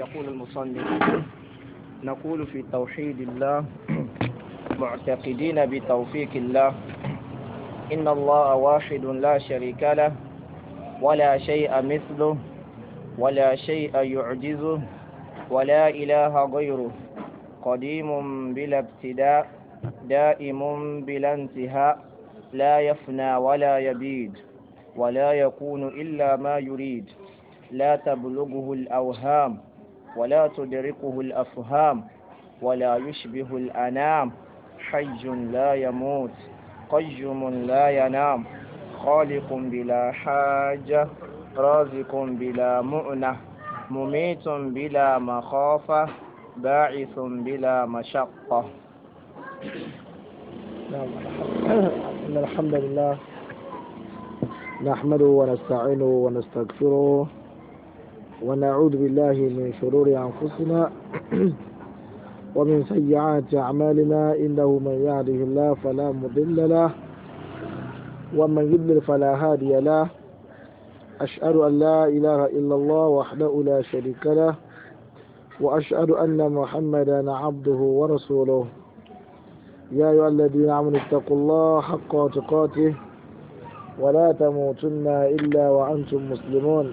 يقول المصنف نقول في توحيد الله معتقدين بتوفيق الله إن الله واحد لا شريك له ولا شيء مثله ولا شيء يعجزه ولا إله غيره قديم بلا ابتداء دائم بلا انتهاء لا يفنى ولا يبيد ولا يكون إلا ما يريد لا تبلغه الأوهام ولا تدركه الأفهام ولا يشبه الأنام حج لا يموت قيم لا ينام خالق بلا حاجة رازق بلا مؤنة مميت بلا مخافة باعث بلا مشقة نعم، إن الحمد لله نحمده ونستعينه ونستغفره ونعوذ بالله من شرور أنفسنا ومن سيئات أعمالنا إنه من يهده الله فلا مضل له ومن يضلل فلا هادي له أشهد أن لا إله إلا الله وحده لا شريك له وأشهد أن محمدا عبده ورسوله يا أيها الذين آمنوا اتقوا الله حق تقاته ولا تموتن إلا وأنتم مسلمون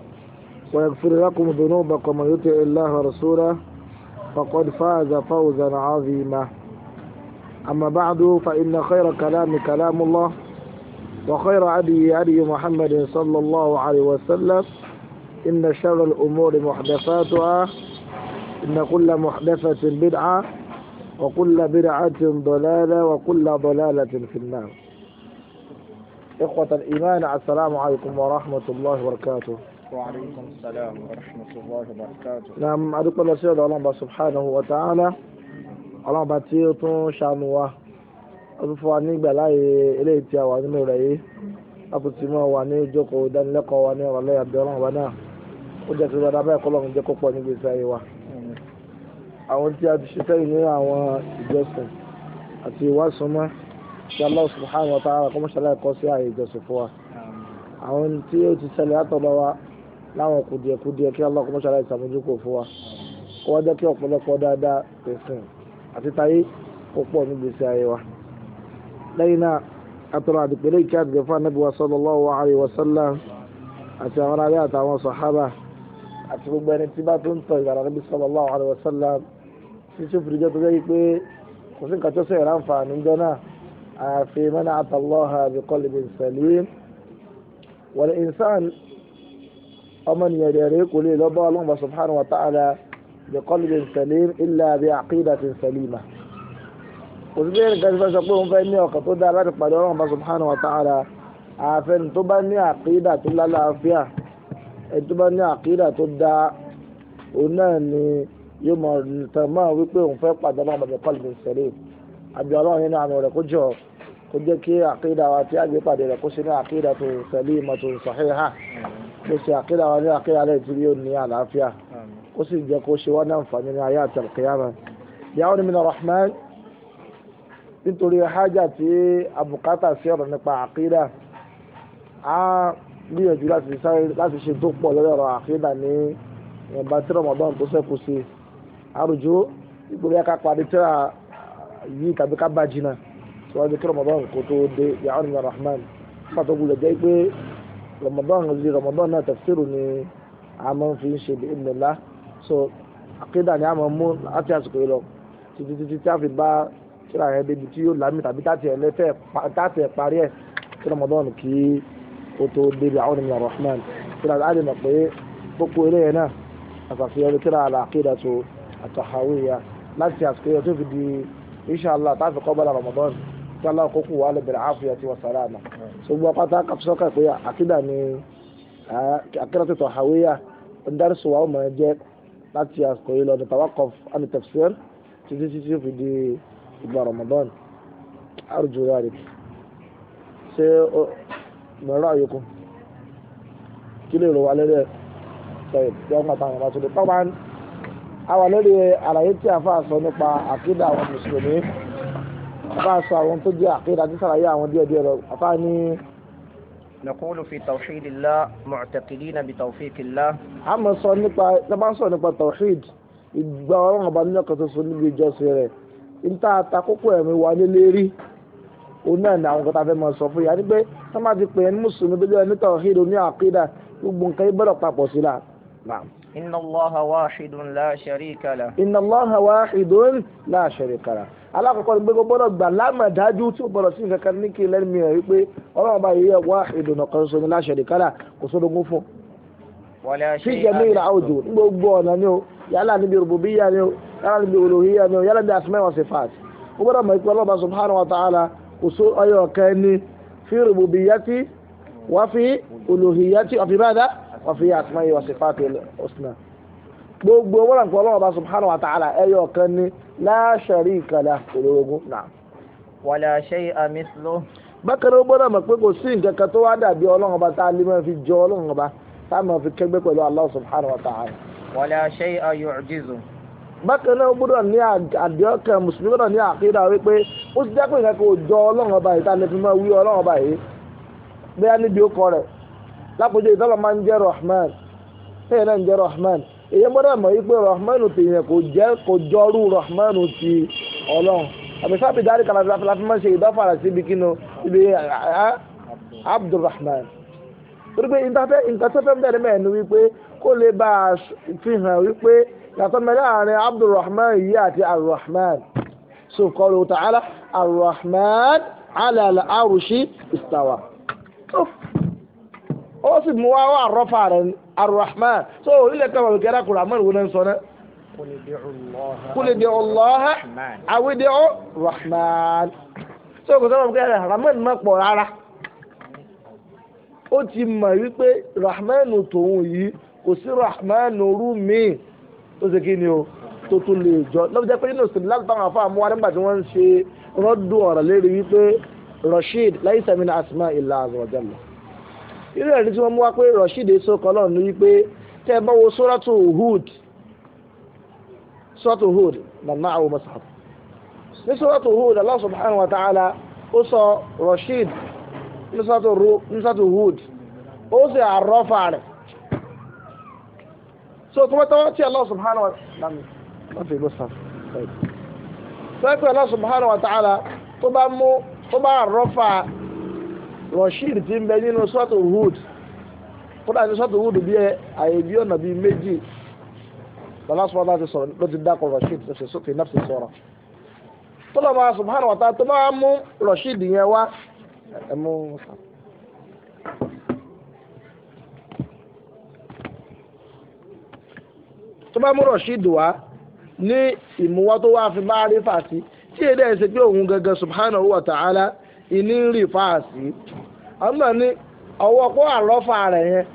ويغفر لكم ذنوبكم ومن يطع الله ورسوله فقد فاز فوزا عظيما أما بعد فإن خير كلام كلام الله وخير عدي عدي محمد صلى الله عليه وسلم إن شر الأمور محدثاتها إن كل محدثة بدعة وكل بدعة ضلالة وكل ضلالة في النار إخوة الإيمان السلام عليكم ورحمة الله وبركاته وعليكم السلام ورحمة الله وبركاته نعم أدوك الله سيادة الله سبحانه وتعالى الله باتيه تون شانوا أدوفوا عني بلاي إلي تياوا نمو أبو أكتما واني جوكو دان لقو واني رلي أبدالله وانا وجاك الوانا بأي قولون جوكو قواني بيساي وا àwọn tí a ti ṣe sẹ́yìn ní àwọn ìjọsìn àti ìwásùnmọ́ tí Allah subhanahu wa ta'ala kọ́mọ́ṣálá ẹ̀kọ́ àwọn tí ó ti ṣẹlẹ̀ látọ̀dọ̀ láwọn kùdìẹ̀kùdìẹ̀ kí Allah kó mọ́ṣálá ìsàmójúkò fún wa kó wá jẹ́ kí ọ̀pọ̀lọpọ̀ dáadáa ẹ̀sìn àti táyé kó pọ̀ níbi iṣẹ́ ayé wa. lẹ́yìn náà atọ́rọ̀ àdìpẹ́lẹ́ ìkí àdìgbẹ́ fún anábìwá sallallahu alaihi wa sallam àti àwọn aráyé àtàwọn sàhábà àti gbogbo ẹni tí bá tó ń tọ̀ ìlànà níbi sallallahu alaihi wa ọmọnìyàn rẹ̀ kò lè lọ bá ọlọ́run subhanahu wa ta'ala bi qalbin salim illa bi aqidatin salima òṣìṣẹ́ nǹkan fẹ́ sọ pé òun fẹ́ ní ọkàn tó dáa láti pàdé ọlọ́run subhanahu wa ta'ala àfẹn tó bá ní àkídà tó lálàáfíà ẹni tó bá ní àkídà tó dáa òun náà ni yóò mọ̀ tẹ̀ mọ́ wípbi òun fẹ́ pàdé ọlọ́run bi qalbin salim àbí ọlọ́run nínú àmì rẹ̀ kó jọ kó jẹ́ kí àkídà wa tí a gbé pàdé rẹ̀ kó sí ní àkídà tó salima tó sahiha kó ṣe àkídà wa ní àkídà rẹ̀ tí yóò ní àlàáfíà kó sì jẹ́ kó ṣe wá ní àǹfààní ní ayé àti àlùkìyàmà yàwó ni mina rahman nítorí hajjá tí abùkátà sí ọ̀rọ̀ nípa àkídà á gbìyànjú láti ṣe tó pọ̀ lórí ọ̀rọ̀ àkídà ní ìyànbá tí ramadan tó ṣẹ́kù sí àrùjọ ìgbòrí ẹ̀ka parí tíra yìí tàbí ká bá jìnnà síwájú kí ramadan kò tó dé yàwó ni mina rahman fàtọ́gùn lè jẹ́ pé ramadan lè ramadan náà tafsiru ni a máa fi ń ṣe bí ìnìlá so àkídà ni a máa mú láti àsìkò yìí lọ títí títí tí a fi bá tíra yẹn débi tí yóò lámì tàbí táti ẹ̀ lẹ́fẹ̀ táti ẹ̀ parí ẹ̀ tí ramadan kì í o tó débi àwọn ènìyàn rahman tíra á lè mọ̀ pé gbogbo eré yẹn náà àṣàfihàn tíra àlàkídà tó àtàhàwíyà láti àsìkò yẹn tó di inṣàlá táfi kọ́ bá ramadan kí aláàkókò wà lè bẹ̀rẹ̀ àáfíà àti wàsálàmà so gbogbo apáta kàfisọ́kà pé àkídà ni àkírátì tọ̀hàwíyà ń dárí sùn wà ó máa jẹ́ láti àsìkò yìí lọ ní tawakọf àmì tafsir títí títí fi di ìgbà Ramadan arjù rẹ̀ Se mọ̀rọ̀ àyòkù kí lè rò wá lórí ẹ̀ sọ̀rọ̀ tí wọ́n pàtàkì àwọn àtúndì pàápàá àwa lórí àlàyé tí a fà sọ nípa àkídà àwọn mùsùlùmí àbá sọ àwọn tó jẹ́ àkídà àti sàlàyé àwọn díẹ̀ díẹ̀ lọ àbá ní. نقول في توحيد الله معتقدين بتوفيق الله. àmọ́ sọ nípa lọ́ba ń sọ nípa tawhid ìgbà ọlọ́run ọba nínú ọ̀kan tuntun níbi ìjọsìn rẹ̀ níta àtakókò ẹ̀mí wa lélẹ́ rí òun náà ni àwọn kọta fẹ́ máa sọ fún yà ni pé sọ́mà ti pè é ní mùsùlùmí tó jẹ́ ní tawhid ní àkídà gbogbo nǹkan ibẹ̀rọ̀ papọ̀ sí la. إن الله واحد لا شريك له إن الله واحد لا شريك له alákọ̀ọ́kọ́ ni pé kó gbọ́dọ̀ gbà lámàdájú tí ó gbọ́dọ̀ sí nǹkan kan ní kí lẹ́nu mìíràn wípé ọlọ́run bá yẹ wá ìdùnnà kan sọ ní láṣẹ̀dì kálà kò sódogún fún. fi jẹ́mi ìlà òjò ní gbogbo ọ̀nà ni o yálà níbi rububiyya ni o yálà níbi uluhiyya ni o yálà níbi asma'i wa sifat. ó gbọ́dọ̀ mọ̀ pé ọlọ́ba subhanahu wa ta'ala kò só ọyọ̀ kan fi rububiyyati wa fi uluhiyyati wa fi ba'da wọ́n fi asma'i wa gbogbo wọ́n nke ọlọ́run ọba subhanahu wa ta'ala ẹyọ kan ní la sharika olórogún náà. wala shay'a mithluhu. bákan náà ó gbọ́dọ̀ mọ̀ pé kò sí nǹkan kan ọba tá a lè fi jọ ọlọ́run ọba tá a fi kẹgbẹ́ pẹ̀lú subhanahu wa ta'ala. bákan náà ó gbọ́dọ̀ ní mùsùlùmí gbọ́dọ̀ ní àkídà wípé ó lápòjọ ìtọ́lọ̀ máa ń jẹ́ rahman tẹ́yìn náà ń jẹ́ rahman èyí gbọ́dọ̀ mọ̀ wípé rahman tèèyàn kò jẹ́ kò jọrú rahman ti ọlọ́run àbísà bí dárí kan láti máa ń ṣe ìdáfàrà síbi kí abdulrahman torí pé nǹkan tó fẹ́ bẹ̀rẹ̀ mẹ́rin ni wípé kó lè bá a fi hàn wípé yàtọ̀ mẹ́rin àárín abdulrahman yìí àti alrahman so kọlu alrahman ala al-arushi istawa wọ́n sì mú wá wà rọ́fà rẹ̀ arrahman so orílẹ̀ kan wàlú kẹ́rẹ́ kò rahman wọlé ń sọ náà. kúlìdì ọlọ́hà àwídì ọ rahman so kò sọ́nà kẹ́rẹ́ rahman má pọ̀ rárá ó ti mọ̀ wípé rahman tòun yìí kò sí rahman rú mi tó ṣe kí ni o tó tún lè jọ lọ́wọ́ jẹ́ pé nínú ìsìn láti bá wọn fún àmúwá nígbà tí wọ́n ń ṣe rọ́dù ọ̀rọ̀ lérí wípé rashid laysa min asma illa azza wa irú ẹ̀rí tí wọ́n mú wá pé Rasheed èso kan ní wípé tẹ́ ẹ bá wo sóràtù Hud sóràtù Hud màmá àwọn ní Hud Allah subhanahu wa ta'ala ó sọ ní Hud ó sì so tó tí subhanahu wa ta'ala láti ìlú Rashid ti ń bẹ nínú sọ́tò Hud kódà ní sọ́tò Hud bí àyè bí ọ̀nà bíi méjì lọ́lá sọ́tò láti sọ̀rọ̀ ló ti dákọ̀ Rashid tó ṣe sókè náà ti sọ̀rọ̀ tọ́lọ́ máa subhanahu wa ta'ala tó máa mú Rashid yẹn wá ẹ̀mú tó bá mú Rashid wá ní ìmúwá tó wá fi máa rí fàásì tí èdè ẹ̀ pé òun gangan subhanahu wa ta'ala ìní ń rí fàásì àmọ́ ni ọwọ́ kó àrọ́fà rẹ̀ yẹn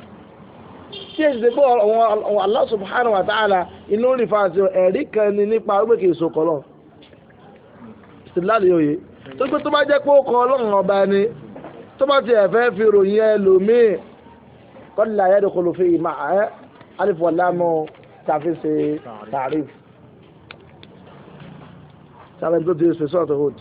tí èsì ti pé àwọn Allah subhanahu wa ta'ala inú rí fàáṣì ẹ̀rí kan ni nípa arúgbèkè ìsòkọlọ ìsìláàlì òye tó gbé tó bá jẹ́ pé ó kọ ọlọ́run ọba ni tó bá ti ẹ̀fẹ́ fi ròyìn ẹlòmíì kọ́lá ayédèkọlò fi ìmọ̀ ẹ́ alifọ̀lámù tàfi ṣe tààrí. sábẹ́ni tó ti ṣe sọ́ọ̀tù hood.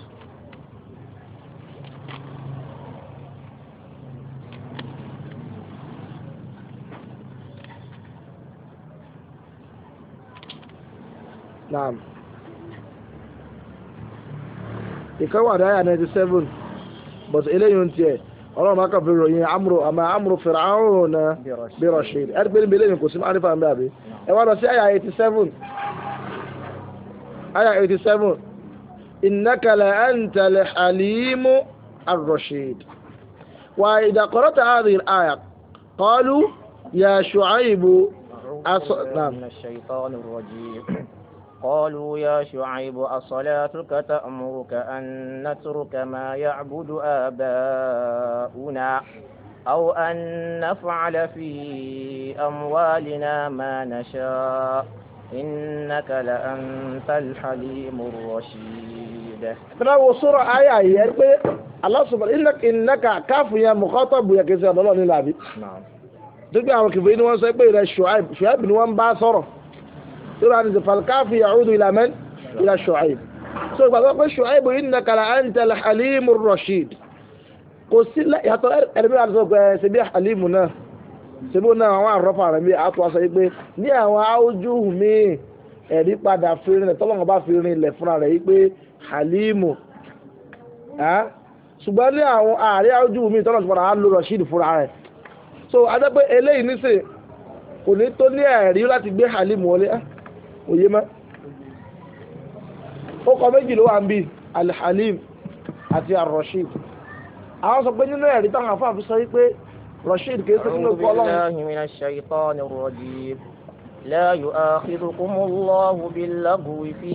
naam ìkan wà dáyà ninety seven but eléyìí ń tiẹ̀ ọlọ́run bá kàn fi ròyìn amúrò àmọ́ amúrò fìràhùn náà bí rọ̀ṣìn ẹ̀ pé níbi eléyìí kò sí àrífà ń bẹ̀ àbí ẹ wá lọ sí àyà eighty seven àyà eighty seven ìnákàlà àǹtàlẹ̀ àlìímù àròṣìn wà ìdàkọ̀rọ̀tà àdìr àyà kọ́lù yà ṣùáìbù asọ̀ náà. قالوا يا شعيب أصلاتك تأمرك أن نترك ما يعبد آباؤنا أو أن نفعل في أموالنا ما نشاء إنك لأنت الحليم الرشيد تراو سورة آية هي الله سبحانه إنك إنك كاف يا مخاطب يا كيسي الله نلعبي نعم تبقى àwọn kìfèé ni wọ́n sọ pé rẹ̀ ṣùáìb tó bá ní sọ falkafi ya'udu ila man ila Shu'aib so ìgbàgbọ́ pé Shu'aib innaka la anta al-halimu rashid kò sí yàtọ̀ ẹ̀rẹ́mí àti sọ̀kọ̀ ẹ̀ ṣe bí halimu náà ṣe bí náà àwọn àrọ́pà rẹ̀ bí àtọ́ aṣọ yìí pé ní àwọn áwùjú mi ẹ̀rí padà fi rinlẹ̀ tọ́lọ́mọ bá fi rinlẹ̀ fúnra rẹ̀ yìí pé halimu ṣùgbọ́n ní àwọn ààrẹ ojú mi tọ́nà ṣùgbọ́n àá lo Rashid fúnra rẹ̀ so adẹ́pẹ́ eléyìí nísè kò ní tó ní ẹ̀rí láti gbé Halim wọlé òye mọ́ ó kọ méjì ló wà ń bí alhalim àti arrashid àwọn sọ pé nínú ẹ̀rí táwọn afáàfi sọ wípé rashid kìí ṣe nínú kọ́ lọ́wọ́. a'udhu billahi minash shaytanir rajim la yu'akhidhukumullahu billaghwi fi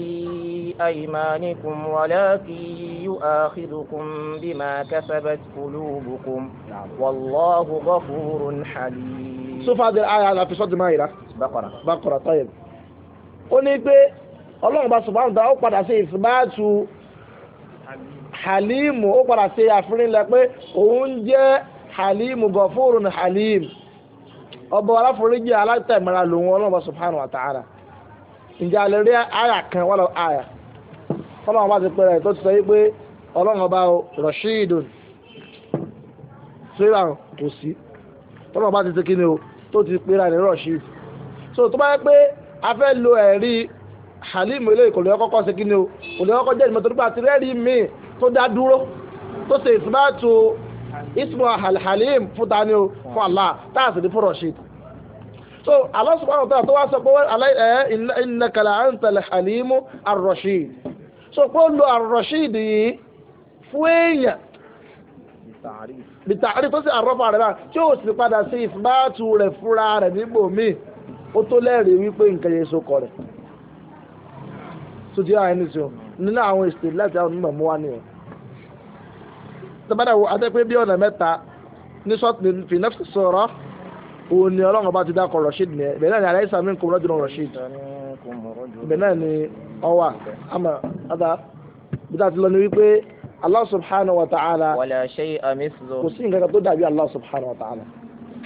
aymanikum walakin yu'akhidhukum bima kasabat qulubukum wallahu ghafurun halim. sọ́fà dẹ̀ ayé àlàfíṣọ́ dì máa yìí rà. baqara baqara tayyib. ó ní pé ọlọ́run bá subhanahu ó halimu ó padà ṣe àfihànlẹ̀ pé òun jẹ́ halimu gọ̀fórun halim ọba aláforíjì alátẹ̀mẹ́ra lòun ọlọ́run bá subhanahu ta'ala ǹjẹ́ alẹ́ rí àyà kan wọ́n lọ àyà ọlọ́run bá ti pẹ̀rẹ̀ tó ti sọ ọlọ́run rashidun síra kò sí ọlọ́run bá ti ṣe kí ni o tó ti pera ní so tó bá yẹ a fẹ́ lo ẹ̀rí halim eléyìí kò lè kọ́kọ́ ṣe kí ni o kò lè kọ́kọ́ jẹ́ ìmọ̀ torípa àti rẹ́ẹ̀rí míì tó dá dúró tó ṣe ìsúbàtò ismu halim fún tani o fún Allah tá a sì ní fún Rashid so Allah subhanahu tó wá sọ pé ẹ eh, innaka la anta al-halimu ar-rashid so pé ó lo ar yìí fún èèyàn bìtàrí tó sì àrọ́fà rẹ̀ báyìí tí ó sì padà sí ìsúbàtò rẹ̀ fúnra rẹ̀ nígbò míì ó tó lẹ́rìí wípé nǹkan yẹn sokọ rẹ̀ tó ti àwọn ẹni sọ nínú àwọn èsì láti àwọn onímọ̀ mú wá nìyẹn. tọ́bádà wo atẹ́pẹ́ bí ọ̀nà mẹ́ta ní sọ́ọ̀tì fìnẹ́fì sọ̀rọ̀ òun ni ọlọ́run bá ti dákọ̀ Rashid nìyẹn bẹ́ẹ̀ náà ni aláìsà mi ń kọ́ ọlọ́dún Rashid bẹ́ẹ̀ náà ni ọwà àmọ́ àdá bí táà ti lọ ni wípé Allah subhanahu wa ta'ala wala shay'a mithluhu kò sí nǹkan kan tó dàbí Allah subhanahu wa ta'ala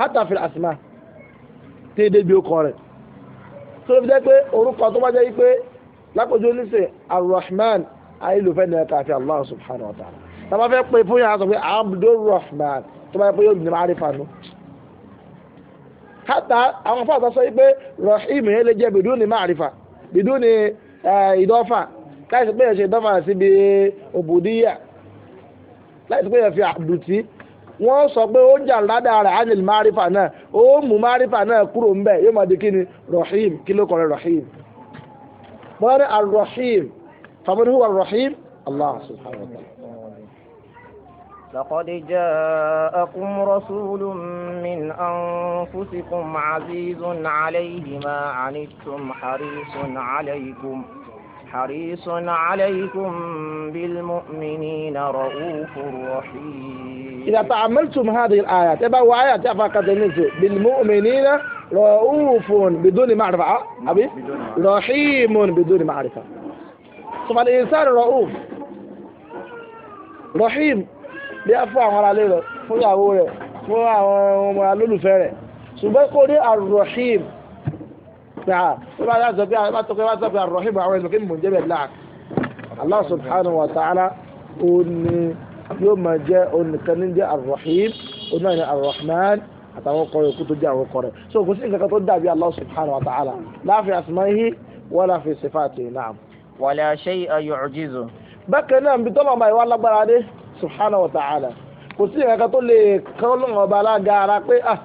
hatta fil asma' tí débi ọkọ rẹ̀ tó fi jẹ́ pé orúkọ tó bá jẹ́ pé lápòjú oníṣẹ́ arrahman ayélujáfẹ́ ní ẹ̀ka àti allah subhanahu wa ta'ala tá a bá fẹ́ pé fún yàrá sọ pé abdulrahman tó bá yẹ pé yóò ní máa rí fanu. kátà àwọn fáwọn sọ pé rahim yẹn lè jẹ́ bìdún ní máa rí fa eh, ìdọ́fà láìsí pé yẹn ṣe ìdọ́fà síbi òbòdíyà láìsí pé yẹn fi àbùtí wọ́n sọ pé ó jà ládà rẹ̀ anil marifa náà ó mú marifa náà kúrò ń bẹ̀ yóò máa di kíni rahim kí ló kọ̀rọ̀ rahim bọ́lá ní arrahim faman huwa arrahim allah subhanahu wa ta'ala. لقد جاءكم رسول من أنفسكم عزيز عليه ما عنتم حريص عليكم حريص عليكم بالمؤمنين رؤوف رحيم إذا تعملتم هذه الآيات يبقى وآيات فقدمت بالمؤمنين رؤوف بدون معرفة أبي رحيم بدون معرفة ثم الإنسان رؤوف رحيم بأفوع àwọn ará ilé rẹ̀ fún ìyàwó rẹ̀ fún àwọn ọmọ alólùfẹ́ rẹ̀ Ah, sáà tó bá sọ pé bá tọkọ bá sọ pé arọ́hìmù àwọn ẹ̀sùn kí ni mò ń jẹ́ bẹ̀ láà Allah subhanahu wa ta'ala ó ní yóò máa jẹ́ onìkan ní jẹ́ arọ́hìm oná ní arọ́hìmán àtàwọn ọkọ yòókù tó jẹ́ àwọn ọkọ rẹ̀ so kò sí nǹkan kan tó dàbí Allah subhanahu wa ta'ala la fi asma'ihi wala fi sifatihi na'am. wala shay'a bákan náà bí tọ́lọ̀ ọmọ ìwà lágbára dé subhanahu wa ta'ala kò sí nǹkan kan tó lè kọ́ lọ́wọ́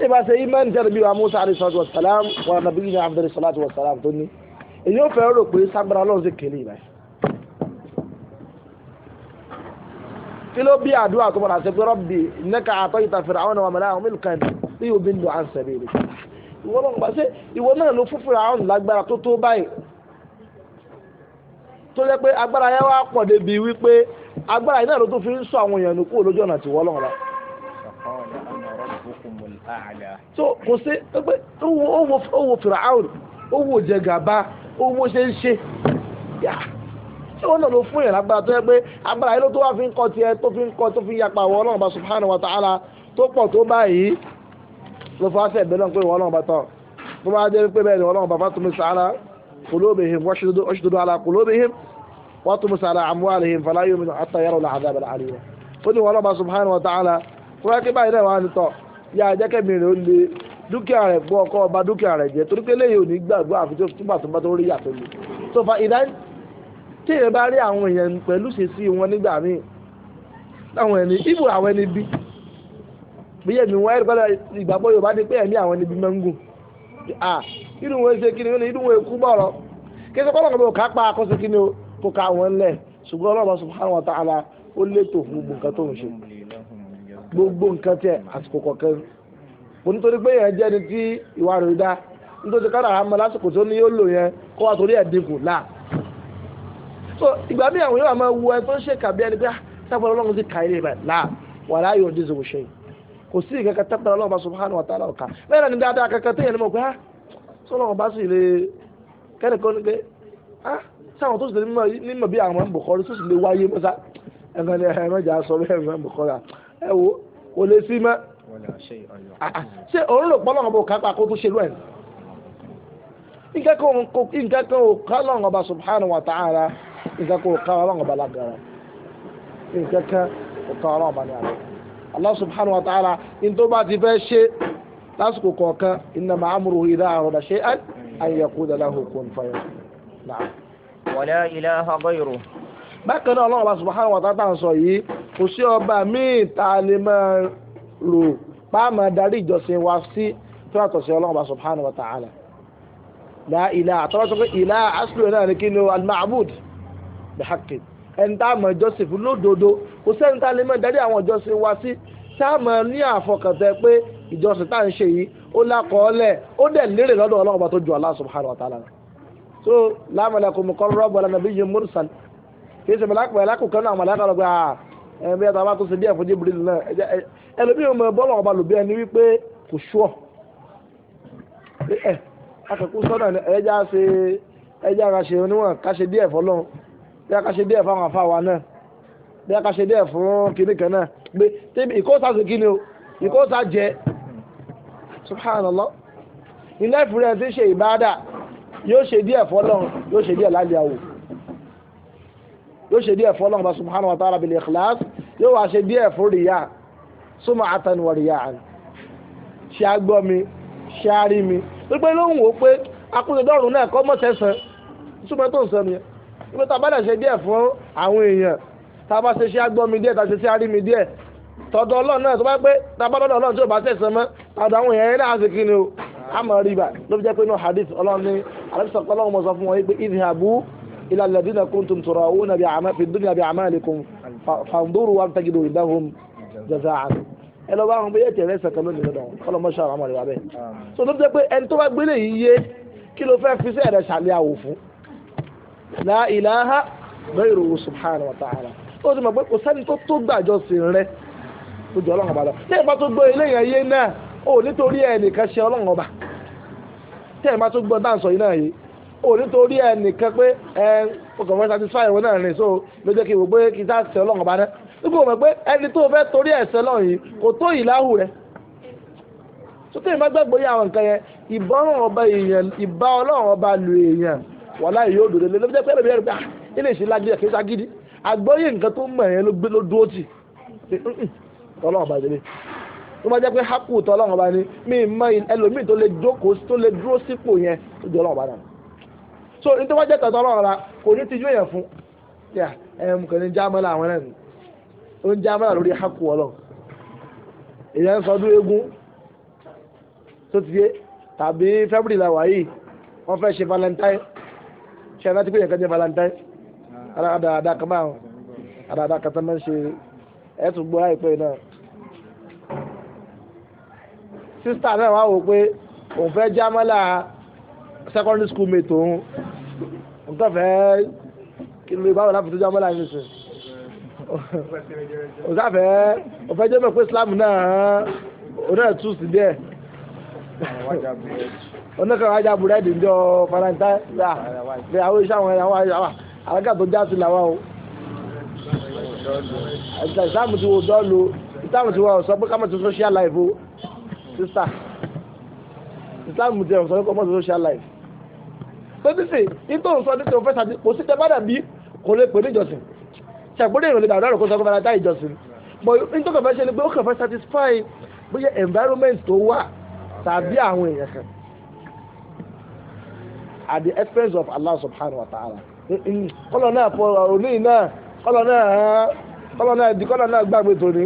tí ìbá ṣe imán tẹ́lẹ̀bí wa musa alayhi salatu wa salam wa nabi yìí ní afdal salatu wa salam tó ní èyí ó fẹ́ rò pé sagbara ọlọ́run sì kéde ìbá kí ló bí àdúrà tó padà ṣe pé rọ́bì nẹ́ka àtọ́ ìta fèrè àwọn ọmọ náà mílì kan tí yóò bí ń lo à ń sẹ̀lẹ̀ rẹ̀ ìwọ náà gbà ṣe ìwọ náà ló fún fèrè àwọn lágbára tó tó báyìí tó jẹ́ pé agbára yẹn wá pọ̀ débi wípé agbára yẹn náà ló tún fi ń sọ àwọn èèyàn nù kúrò lójú ọ̀nà tìwọ́ lọ́wọ́ so kò sí pé ó wo fìràáùn ó wo jẹgàba ó wo ṣe ń ṣe tí wọn náà ló fún yẹn lágbára tó yẹ pé agbára yìí ló tó wà fi ń kọ tiẹ̀ tó fi ń kọ tó fi ń yapa àwọn ọlọ́run bá subhanahu wa ta'ala tó pọ̀ tó báyìí ló fọ́ àṣẹ ìbẹ́lẹ̀ pé ìwọ ọlọ́run bá tán tó bá jẹ́ pé bẹ́ẹ̀ ni ọlọ́run bá fàtúmí sàárà qulubihim washdudu ala qulubihim wàtúmí sàárà amwalihim fala yu'minu hatta yaraw al-'adhab al-'alim ó ní ìwọ ọlọ́run bá subhanahu wa ta'ala tó bá báyìí náà wà ní tọ́ Ya, ajẹ́kẹ́mi rẹ̀ ó le dúkìá rẹ̀ gbọ́ ọkọ ọba dúkìá rẹ̀ jẹ́ torí pé léyìí ò ní gbàgbọ́ àfi tó tó rí yàtọ̀ lè so fa ìdá tí èèyàn bá rí àwọn èèyàn pẹ̀lú ṣe sí wọn nígbà míì láwọn ẹni ibù àwọn ẹni bí bí yẹ̀mí wọn ẹ̀rí pẹ́lú ìgbàgbọ́ Yorùbá ni pé ẹ̀mí àwọn ẹni bí máa ń gùn ah inú wọn ṣe kí ni inú wọn kú bọ̀rọ̀ kí ṣe kọ́lọ́kọ́ bí kò ká pa akọ́ṣe kí ni kò ká wọn lẹ̀ ṣùgbọ́n Ọlọ́run ta'ala ó létò fún gbogbo gbogbo nǹkan tiẹ̀ àsìkò kọ̀ọ̀kan kò nítorí pé yẹn jẹ́ ni tí ìwà rẹ̀ dá nítorí kára àmọ́ lásìkò tó ní yóò lò yẹn kó wá torí ẹ̀ dínkù láà. so ìgbà míì àwọn yóò máa wo ẹ tó ń ṣe kàbí ẹni pé ah, tábìlì ọlọ́run ti kà ilé rẹ̀ láà wà láàyò ọdún ìṣòwò ṣe kò sí ìkankan tábìlì ọlọ́run bá subhanahu wa ta'ala ọ̀ka bẹ́ẹ̀ ni dáadáa kankan téèyàn ní mọ̀ pé ah sọlọ́run bá sì lè ní pé ah sáwọn tó sì lè tó sì lè wáyé mọ́sá ẹ̀gbọ́n ni ẹ̀rọ ìjà sọ bẹ́ẹ̀ ẹ wo kò lè sí mọ́ ah, ah, ṣé òun lò pọ́ lọ́wọ́ bó kápá kó tó ṣe lóẹ̀ nǹkan kan ò ká lọ́wọ́ ọba subhanahu wa ta'ala nǹkan kan ò ká lọ́wọ́ ọba lágara nǹkan kan ò ká lọ́wọ́ ọba ní àlọ́ Allah subhanahu wa ta'ala in tó bá ti fẹ́ ṣe lásìkò kọ̀ọ̀kan innama amruhu idha arada shay'an an yaqula lahu kun fayakun. Wala ilaha ghayruhu bákan náà ọlọ́run ọba subhanahu wa ta'ala ń sọ yìí kò sí ọba míì tá a lè máa rò páàmà darí ìjọsìn wa sí tó sí ọlọ́run ọba subhanahu wa ta'ala la ilaha àtọ́wọ́ sọ pé ìlà asúlù náà ní kí ni al-ma'bud bihaqi ẹni tá a mọ̀ ìjọsìn fún lódodo kò sẹ́ni tá a lè máa darí àwọn ìjọsìn wa sí tá a mọ̀ ní àfọkàntẹ́ pé ìjọsìn tá à ń ṣe yìí ó lákọọ́lẹ̀ ó dẹ̀ lérè lọ́dọ̀ ọlọ́run ọba tó ju Allah subhanahu wa ta'ala so la malakum muqarrab wala nabiyyun mursal kì í ṣe mọ̀lákù kan náà mọ̀lákù ọ̀gbà ẹ̀ bí ẹ̀ta bá tó ṣe díẹ̀ fún jíbril náà ẹlòmíì ọmọ bọ́ọ̀lù ọba lòbí ẹni wípé kò ṣùọ́ ẹ̀ akẹ́kọ̀ọ́ sọ́nà ẹ̀yẹ́jà ṣe ẹ̀yẹ́jà ká ṣe oníwọ̀n ká ṣe díẹ̀ fọlọ́n bí a ká ṣe díẹ̀ fáwọn afáwa náà bí a ká ṣe díẹ̀ fún kinní kan náà gbé tẹ́bi ìkóòtà ṣe kí o ìkóòtà jẹ subhanallah ilé ìfúrẹ́ ti ṣe ìbáadà yóò ṣe díẹ̀ fọlọ́n yóò ṣe díẹ̀ lálẹ́ àwò yóò ṣe díẹ̀ fún ọlọ́run bá subhanahu wa ta'ala bil ikhlas yóò wá ṣe díẹ̀ fún rìyà súnmọ́ àtànùwọ̀ rìyà ṣe á gbọ́ mi ṣe á rí mi wípé lóhùn wò pé akúndédọ́rùn náà kọ́ mọ́sẹ̀sán súnmọ́ tó ń sọ nìyẹn wípé tá a bá dẹ̀ ṣe díẹ̀ fún àwọn èèyàn tá a bá ṣe ṣe á mi díẹ̀ tá a ṣe ṣe á mi díẹ̀ tọ̀dọ̀ ọlọ́run náà tó bá pé tá a bá lọ́dọ̀ ọlọ́run tí ò bá sẹ̀sán mọ́ إلى الذين كنتم تراؤون في الدنيا بأعمالكم فانظروا أن تجدوا عندهم جزاء ẹ lọ bá àwọn ọmọ yẹn tẹ̀lé ẹsẹ̀ kan lónìí lọ́dọ̀ wọn kọ́ lọ mọ́ ṣàrọ̀ àwọn ìwà bẹ́ẹ̀. so ló jẹ́ pé ẹni tó bá gbélé yìí yé kí ló fẹ́ fi sí ẹ̀rẹ̀ ṣàlẹ́ àwò fún. la ilaha ghayruhu subhanahu wa ta'ala. ó ti mọ̀ pé kò sẹ́ni tó tó gbàjọ sí rẹ tó jọ ọlọ́run ọba lọ. lẹ́yìn bá tó gbọ́ eléyàn yé náà ó nítorí ẹnìkan ṣe ọlọ́run ọba. tẹ́ẹ̀ bá tó gbọ́ dáǹsọ̀ yìí náà yìí ò nítorí ẹnìkan pé ẹ ọkàn fẹ́ satisfy ìwọ náà rìn so ló jẹ́ kí wò pé kí sá ṣe ọlọ́run ọba náà nígbà wọ́n pé ẹni tó fẹ́ torí ẹ̀ṣẹ̀ lọ́run yìí kò tó yìí láhù rẹ̀ tó tẹ̀yìn bá gbàgbọ́ yẹ àwọn nǹkan yẹn ìbá ọlọ́run ọba lu èèyàn wàhálà yóò dòdò lé lọ́jọ́ pé ẹlòmíràn pé ah, ilé ìṣẹ́ lágídí ẹ̀kẹ́ ságídí àgbọ́yé nǹkan tó mọ̀ yẹn ló dúró tì ọlọ́run ọba ìdílé tó bá jẹ́ pé hákù tọ́ ọlọ́run ọba ni mí mọ ẹlòmíì tó lè jókòó tó lè dúró sípò yẹn tó jẹ́ ọlọ́run ọba náà so ní tó wá jẹ́ tọ̀tọ̀ ọlọ́run ra kò ní tijú èèyàn fún yà ẹ̀m kò ní já mọ́lá àwọn náà ni ó ń já lórí hákù ọlọ́run èèyàn ń sọdún eégún tó ti yé tàbí february la wà yìí wọ́n fẹ́ ṣe valentine ṣe ẹ̀ láti pé yẹn kan jẹ́ valentine àdáadáa kan máa àdáadáa kan tó máa ń ṣe ẹ̀ tún gbọ́ láìpẹ́ náà sísítà náà wá wò pé òun fẹ́ já secondary school mate òun tọ́fẹ́ kí ló bá wà láfi tó jẹ́ ọmọlá yìí sùn o sáfẹ́ o fẹ́ jẹ́ mọ̀ pé Islam náà o náà tú sí díẹ̀ o náà kàn wájà búrẹ́dì ńjọ fàlàntà bí àwọn iṣẹ́ àwọn àwọn àlágà tó já sí làwọn o Islam ti wo dọ́ọ̀lù Islam ti wọ sọ pé ká mọ̀ tó social life o sísà Islam ti wọ sọ pé ká mọ̀ tó social life tó ti sè nítorí òun sọ ní tòun fẹ́ sàdí kò sí tẹ́fà dàbí kò lè pè ní ìjọsìn ṣàgbọ́n èèyàn lè dàrú àrùn kó sọ fẹ́ dá ìjọsìn but nítorí òun fẹ́ ṣe ni pé ó kàn fẹ́ satisfy bóyá environment tó wà tàbí àwọn èèyàn kan at the expense of Allah subhanahu wa ta'ala kọ́lọ̀ náà fọ òní náà kọ́lọ̀ náà kọ́lọ̀ náà di kọ́lọ̀ náà gbàgbé tòní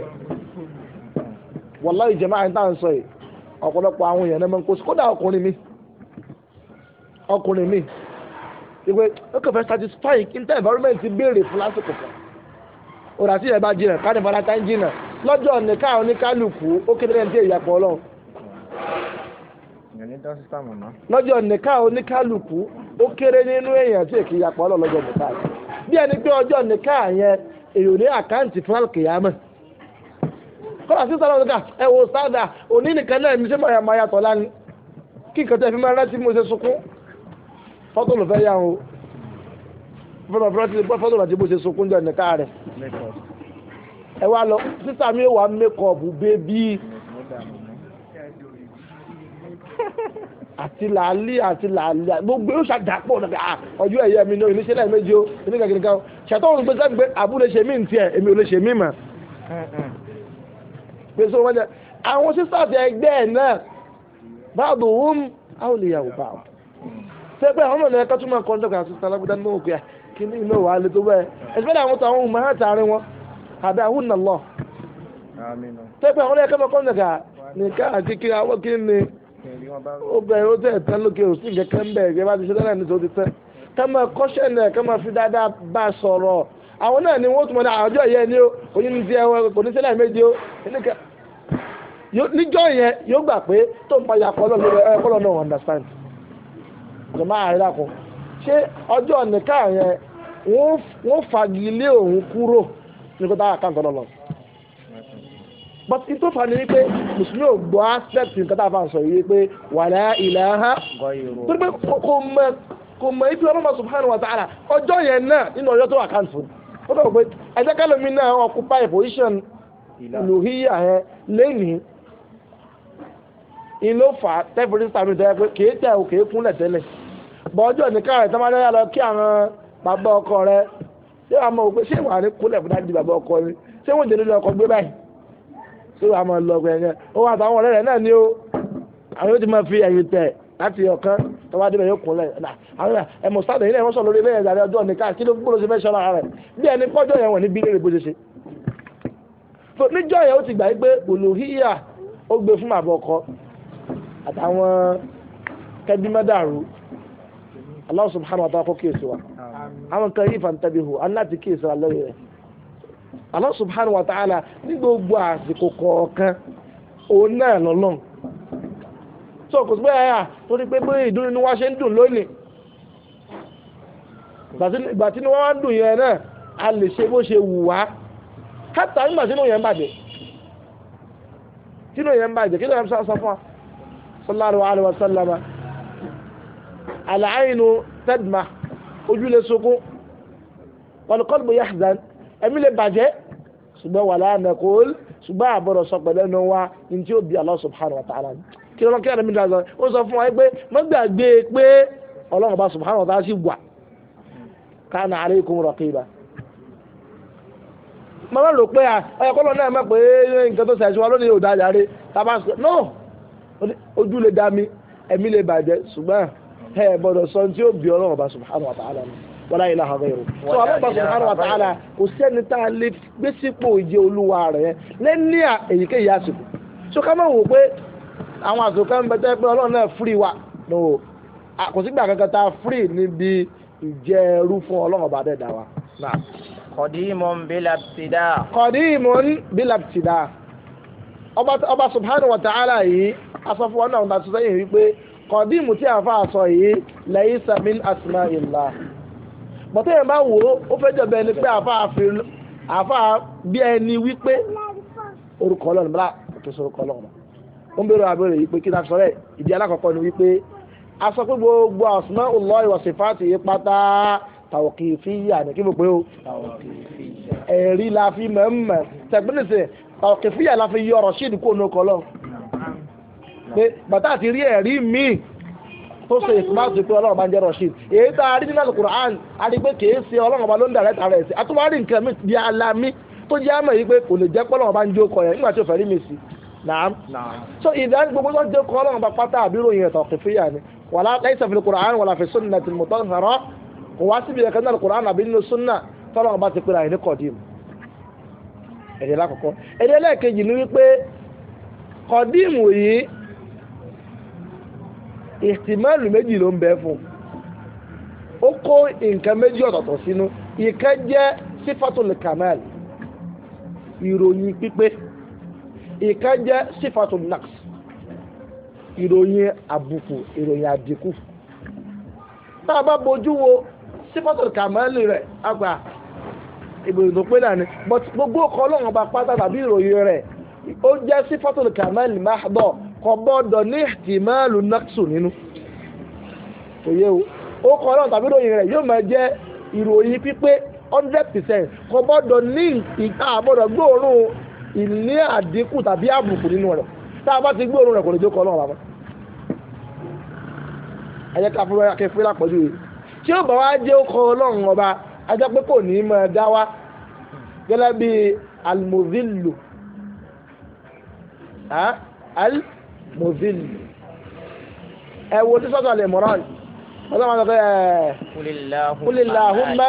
wallahi jama'a àyíntà ń sọ yìí ọ̀pọ̀lọpọ̀ àwọn èèyàn náà máa ń kó kódà ọkùnrin mi. ọkùnrin mi ìwé ó kẹfẹ́ satisfying inter environment béèrè fún lásìkò kan òrà sí ìyẹ̀bá jìnà káàdì fọláta ń lọ́jọ́ oníkálukú ó kéde ní ìyàpọ̀ ọlọ́run. lọ́jọ́ ó kéré nínú èèyàn tí èkì ọlọ́run lọ́jọ́ bí ẹni pé ọjọ́ yẹn ní àkáǹtì fún àlùkìyàmọ̀ kọ́lá sí sọ́dọ̀ òní nìkan náà mọ̀ fọ́tò ló fẹ́ yà ń o fọ́tò ló ti gbọ́ fọ́tò láti bó ṣe sunkún jọ nìka rẹ̀ ẹ wá lọ sísá mi wà mékọ̀ọ̀bù bébí àti làálí àti làálí gbogbo yóò ṣàdàpọ̀ nàkà ọjọ́ ẹ̀yẹ mi ní oníṣẹ́ náà méje o oníkà kìnìkà o ṣètò òun gbèsè gbé àbúlé ṣe mí ntiẹ̀ èmi ò lè ṣe mí mà. gbèsè wọn jẹ àwọn sísá ti ẹgbẹ́ ẹ̀ náà báàbò wọ́n á ò lè yàwó báàbò. sẹ́pẹ́ ọmọ ẹ̀ka tún máa kọ́ ọ̀dọ́gba àti sàlágbádá náà òkè kí ní wàá lè tó ọmọ tààrin wọn àwọn nà lọ. nìkan àti kí kí ni ó ó tẹ̀ tán lókè òsì kẹ̀kẹ́ ń bẹ̀rẹ̀ gẹ́gẹ́ bá ti ṣe tẹ́lẹ̀ ní tòótì tẹ́ ká máa náà ká fi dáadáa bá a sọ̀rọ̀ àwọn náà ni wọ́n tún mọ̀ ní àjọ yẹn ni ó oyin ní ti ẹwọ́ kò ní jọ̀mọ́ àrídà kan ṣé ọjọ́ nìka yẹn wọ́n fagilé òun kúrò ní kó dára káńtọ́ lọ́lọ́ but n tó fani ni pé mùsùlùmí ò gbọ́ aspect nǹkan tá a fà ń sọ yìí pé wàlá ilaha tó pé kò mọ kò mọ ibi ọlọ́mọ subhanahu wa ta'ala ọjọ́ yẹn náà nínú ọjọ́ tó wà káńtọ́ ó dọ̀ pé ẹjẹ́ kálómi náà occupy position lòhíyà yẹn lẹ́nìí ìlú fà tẹ́fù ní sàmì tẹ́lẹ̀ pé kìí tẹ̀ ò kìí kúnlẹ̀ tẹ́lẹ̀ bọ́jọ́ nìkan rẹ̀ tọ́mọdé yà lọ kí àwọn bàbá ọkọ rẹ̀ ṣé wàá mọ òpè ṣé wàá ní kúlẹ̀ fún dájú bàbá ọkọ rẹ̀ ṣé wọ́n jẹ́ nílé ọkọ gbé báyìí ṣé wàá mọ lọ gbẹ̀yẹ ó wà táwọn ọ̀rẹ́ rẹ̀ náà ni ó àwọn yóò ti máa fi ẹ̀yìn tẹ̀ láti ọ̀kan tọ́wádé bẹ̀ yóò kúnlẹ̀ àwọn ẹ̀mọ̀ sáàdẹ̀ yìí náà wọ́n sọ lórí bẹ́ẹ̀ ìdàrí ọjọ́ nìkan kí ló gbọ́dọ̀ ṣe fẹ́ ṣọ́ra rẹ̀ bí ẹni pọ́jọ́ yẹn wọ̀ ní bílẹ̀ bó ṣe ṣe. níjọ́ yẹn ó ti gbà pé olùhíyà ó gbé fún àbọ̀kọ àtàwọn kẹbí mẹ́dàrú Allah subhanahu wa ta'ala kó kíyèsí wa àwọn kan yìí fantabihu aláti kíyèsí wa lórí rẹ̀ Allah subhanahu wa ta'ala ní gbogbo àsìkò kọ̀ọ̀kan òun náà lọ́lọ́n tó kò sí pé àyà torí pé bóyá ìdúró ni wọ́n ṣe ń dùn lónìí ìgbà tí wọ́n wá ń dùn yẹn náà a lè ṣe bó ṣe wù wá kátà nígbà tí yẹn bàjẹ́ tí yẹn bàjẹ́ kí ló yẹn sọ fún wa sallallahu alaihi wa sallama àlàáyínú tẹ́dùmá ojú lè sunkún wàlúkọ́lùbù yahzan ẹ̀mí lè bàjẹ́ ṣùgbọ́n wàlá nàkóòl ṣùgbọ́n àbọ̀rọ̀ sọ pẹ̀lú ẹnu wa ní tí ó bí Allah subhanahu wa ta'ala kí lọ́nà kí ẹ̀rọ mi dàgbà ó sọ fún wa pé mọ́gbàgbé pé ọlọ́run ọba subhanahu wa ta'ala sì wà kana alaykum raqiba màmá rò pé ọ̀yọ̀kọ́lọ́ ah, náà mọ̀ pé nǹkan tó ṣàìsí wa lónìí ò dáa yàrá tábà sọ no ojú lè dá mi ẹ̀mí lè bàjẹ́ ṣùgbọ́n ẹ sọ tí ó bí ọlọ́run ọba subhanahu wa ta'ala ni wala so àwọn ọba subhanahu wa ta'ala kò sẹ́ni tá a lè gbé sípò olúwa rẹ̀ lẹ́ni èyíkéyìí àsìkò so ká pé àwọn àsìkò kan bẹ tẹ́ pé ọlọ́run náà fúri wa kò kankan tá a fúri níbi ẹrú fún ọlọ́run ọba wa. ọba kọ̀díìmù tí a fà sọ yìí lẹ́yìn samin asma ìlà bọ́tẹ́ yẹn bá wò ó ó fẹ́ jọ bẹ́ẹ̀ ni pé àfà bí ẹni wípé orúkọ ọlọ́run bá tó sọ orúkọ ọlọ́run ó ń bèrè àbẹ̀rẹ̀ yìí pé kí n sọ rẹ̀ ìdí alákọ̀ọ́kọ́ ni wípé a sọ pé gbogbo asmaullahi wa sifati yìí pátá tawqifiyya ni kí mo pé o ẹ̀rí la fi mọ̀ ń mọ̀ tẹ̀gbẹ́nìsìn tawqifiyya la fi yọ ọ̀rọ̀ ṣídìí kó o ọkọ̀ ọlọ́run pé bàtà àti rí ẹ̀rí míì tó ṣe ìsúmáṣu pé ọlọ́run bá ń jẹ́ rashid èyí tá a rí nínú alukur'an a rí pé kìí ṣe ọlọ́run bá ló ń dàrẹ́ tààrà ẹ̀sìn àtúwárí nǹkan mi di alami tó jẹ́ àmọ̀ yìí pé kò lè jẹ́ pé ọlọ́run bá ń jó kọ yẹn nígbà tí ó fẹ́ rí mi sí naam so ìdáhùn gbogbo tó ń jó kọ ọlọ́run bá pátá àbírò yẹn tó kì fíyà ni wàlá qur'an wàlá fi sunna ti mọ̀tọ́ ǹhàrọ́ kò wá síbi ẹ̀ka nínú alukur'an àbí nínú sunna tọ́lọ́run bá ti pèrè àyè ní kọ̀dìm ẹ̀dẹ̀ lákọ̀ọ́kọ́ ẹ̀dẹ̀ lẹ́ẹ̀kejì ni wípé kọ̀dìm yìí ìtìmọ́lù méjì ló ń bẹ fún ó kó nǹkan méjì ọ̀tọ̀ọ̀tọ̀ sínú ìkan jẹ́ sífàtúlù kamal ìròyìn pípé ìkan jẹ́ sífàtúlù naqs ìròyìn àbùkù ìròyìn àdínkù tá a bá bójú wo sífàtúlù kamal rẹ̀ àgbà ìgbèrò pé náà ni but gbogbo ọkọ̀ ọlọ́run ọba pátá tàbí ìròyìn rẹ̀ ó jẹ́ sífàtúlù kamal mahdọ̀ kò gbọ́dọ̀ ní ìtìmáàlù naqsu nínú òye o ó kọ́ náà tàbí ìròyìn rẹ̀ yóò máa jẹ́ ìròyìn pípé hundred percent kò gbọ́dọ̀ ní ìta àbọ̀dọ̀ gbóòórùn ìní àdínkù tàbí àbùkù nínú rẹ̀ tá a bá ti gbóòórùn rẹ̀ kò lè jókòó náà bàbá ẹ̀yẹ ká fún ẹ̀yà kẹfẹ́ lápọ̀jù yìí tí ó bá wá jẹ́ ọkọ̀ ọlọ́run ọba ajá pé kò ní máa dá wá gẹ́lẹ́ bíi almovillo mozil ẹ wo tí sọ́tọ̀ lè mọ̀ràn wọ́n sọ ma sọ pé ẹ̀ kulilahumma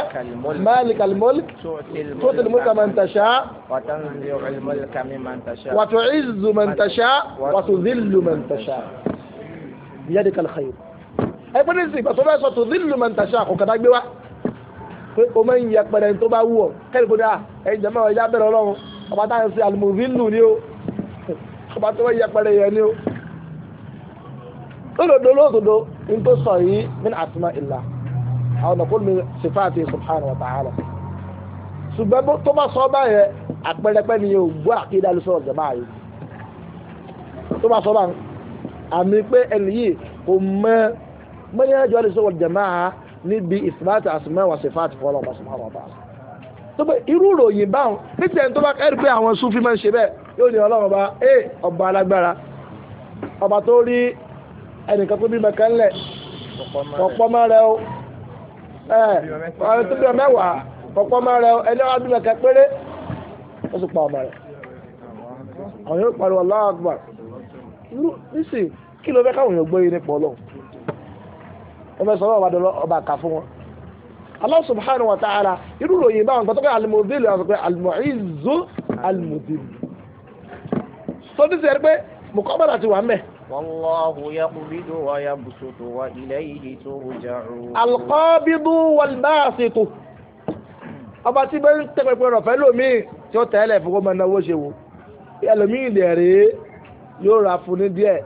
malikal mulk tuuti mulka man tasha wa tu'izzu man tasha wa tudhillu man tasha biyadika alkhayr ẹ pé nísìnyí ìgbà tó bá sọ tudhillu man tasha kò kàdá gbé wa pé o máa ń yẹ pẹrẹ tó bá wù ọ kẹ́lí kó dáa ẹ̀yin jẹ́ mẹ́wàá ẹ̀yà bẹ̀rẹ̀ ọlọ́run ọba táwọn ṣe àlùmọ̀ọ́sí lù ní o ọba tó bá yẹ pẹrẹ yẹn ní o lódodo lódodo ní tó sọ yìí min asma illah àwọn ọ̀nà kó mi sifaati subhanahu wa ta'ala ṣùgbọ́n tó bá sọ báyẹn àpẹrẹpẹ ni yóò gbọ́ àkídá ló sọ̀rọ̀ jẹ̀má yìí tó bá sọ bá àmì pé ẹni yìí kò mọ mọ́nyẹ́jọ́ lè sọ̀rọ̀ jẹ̀má níbi ìsìmáàtì asma wa sifaati fọlọ́ ọba subhanahu wa ta'ala tó bẹ irú ròyìn báwọn níta ẹni tó bá kẹ́rì pé àwọn sufi máa ń ṣe bẹ́ẹ̀ yóò ní ọlọ́run ọba ọba alágbára ọba tó rí ẹnìkan tó bí mẹ̀kẹ́ ńlẹ̀ kọ̀pọ̀ má rẹ o ẹ̀ ọ̀rẹ́ tó bí mẹ́wàá kọ̀pọ̀ má rẹ o ẹni wàá bí mẹ̀kẹ́ péré ó sì pa ọmọ rẹ̀ àwọn yóò pariwo Allahu Akbar nísì kí ló fẹ́ káwọn èèyàn gbóyè nípa ọlọ́run wọ́n fẹ́ sọ ọba dọ́lọ́ ọba kà fún wọn Allah subhanahu wa ta'ala irú ròyìn báwọn gbọ́dọ̀ pé alimobili àwọn pé alimoizu alimodili sọdí sẹ́yìn pé mùkọ́ bàtà ti wà mẹ́ẹ̀. والله يقبض ويبسط وإليه ترجعون القابض والباسط ọba tí bẹ́ẹ̀ ń tẹ́pẹ́pẹ́ rọ̀ fẹ́ lómii tí ó tẹ́lẹ̀ fún gómìnà owó ṣe wò ẹlòmíì lè rèé yóò ra fún ní díẹ̀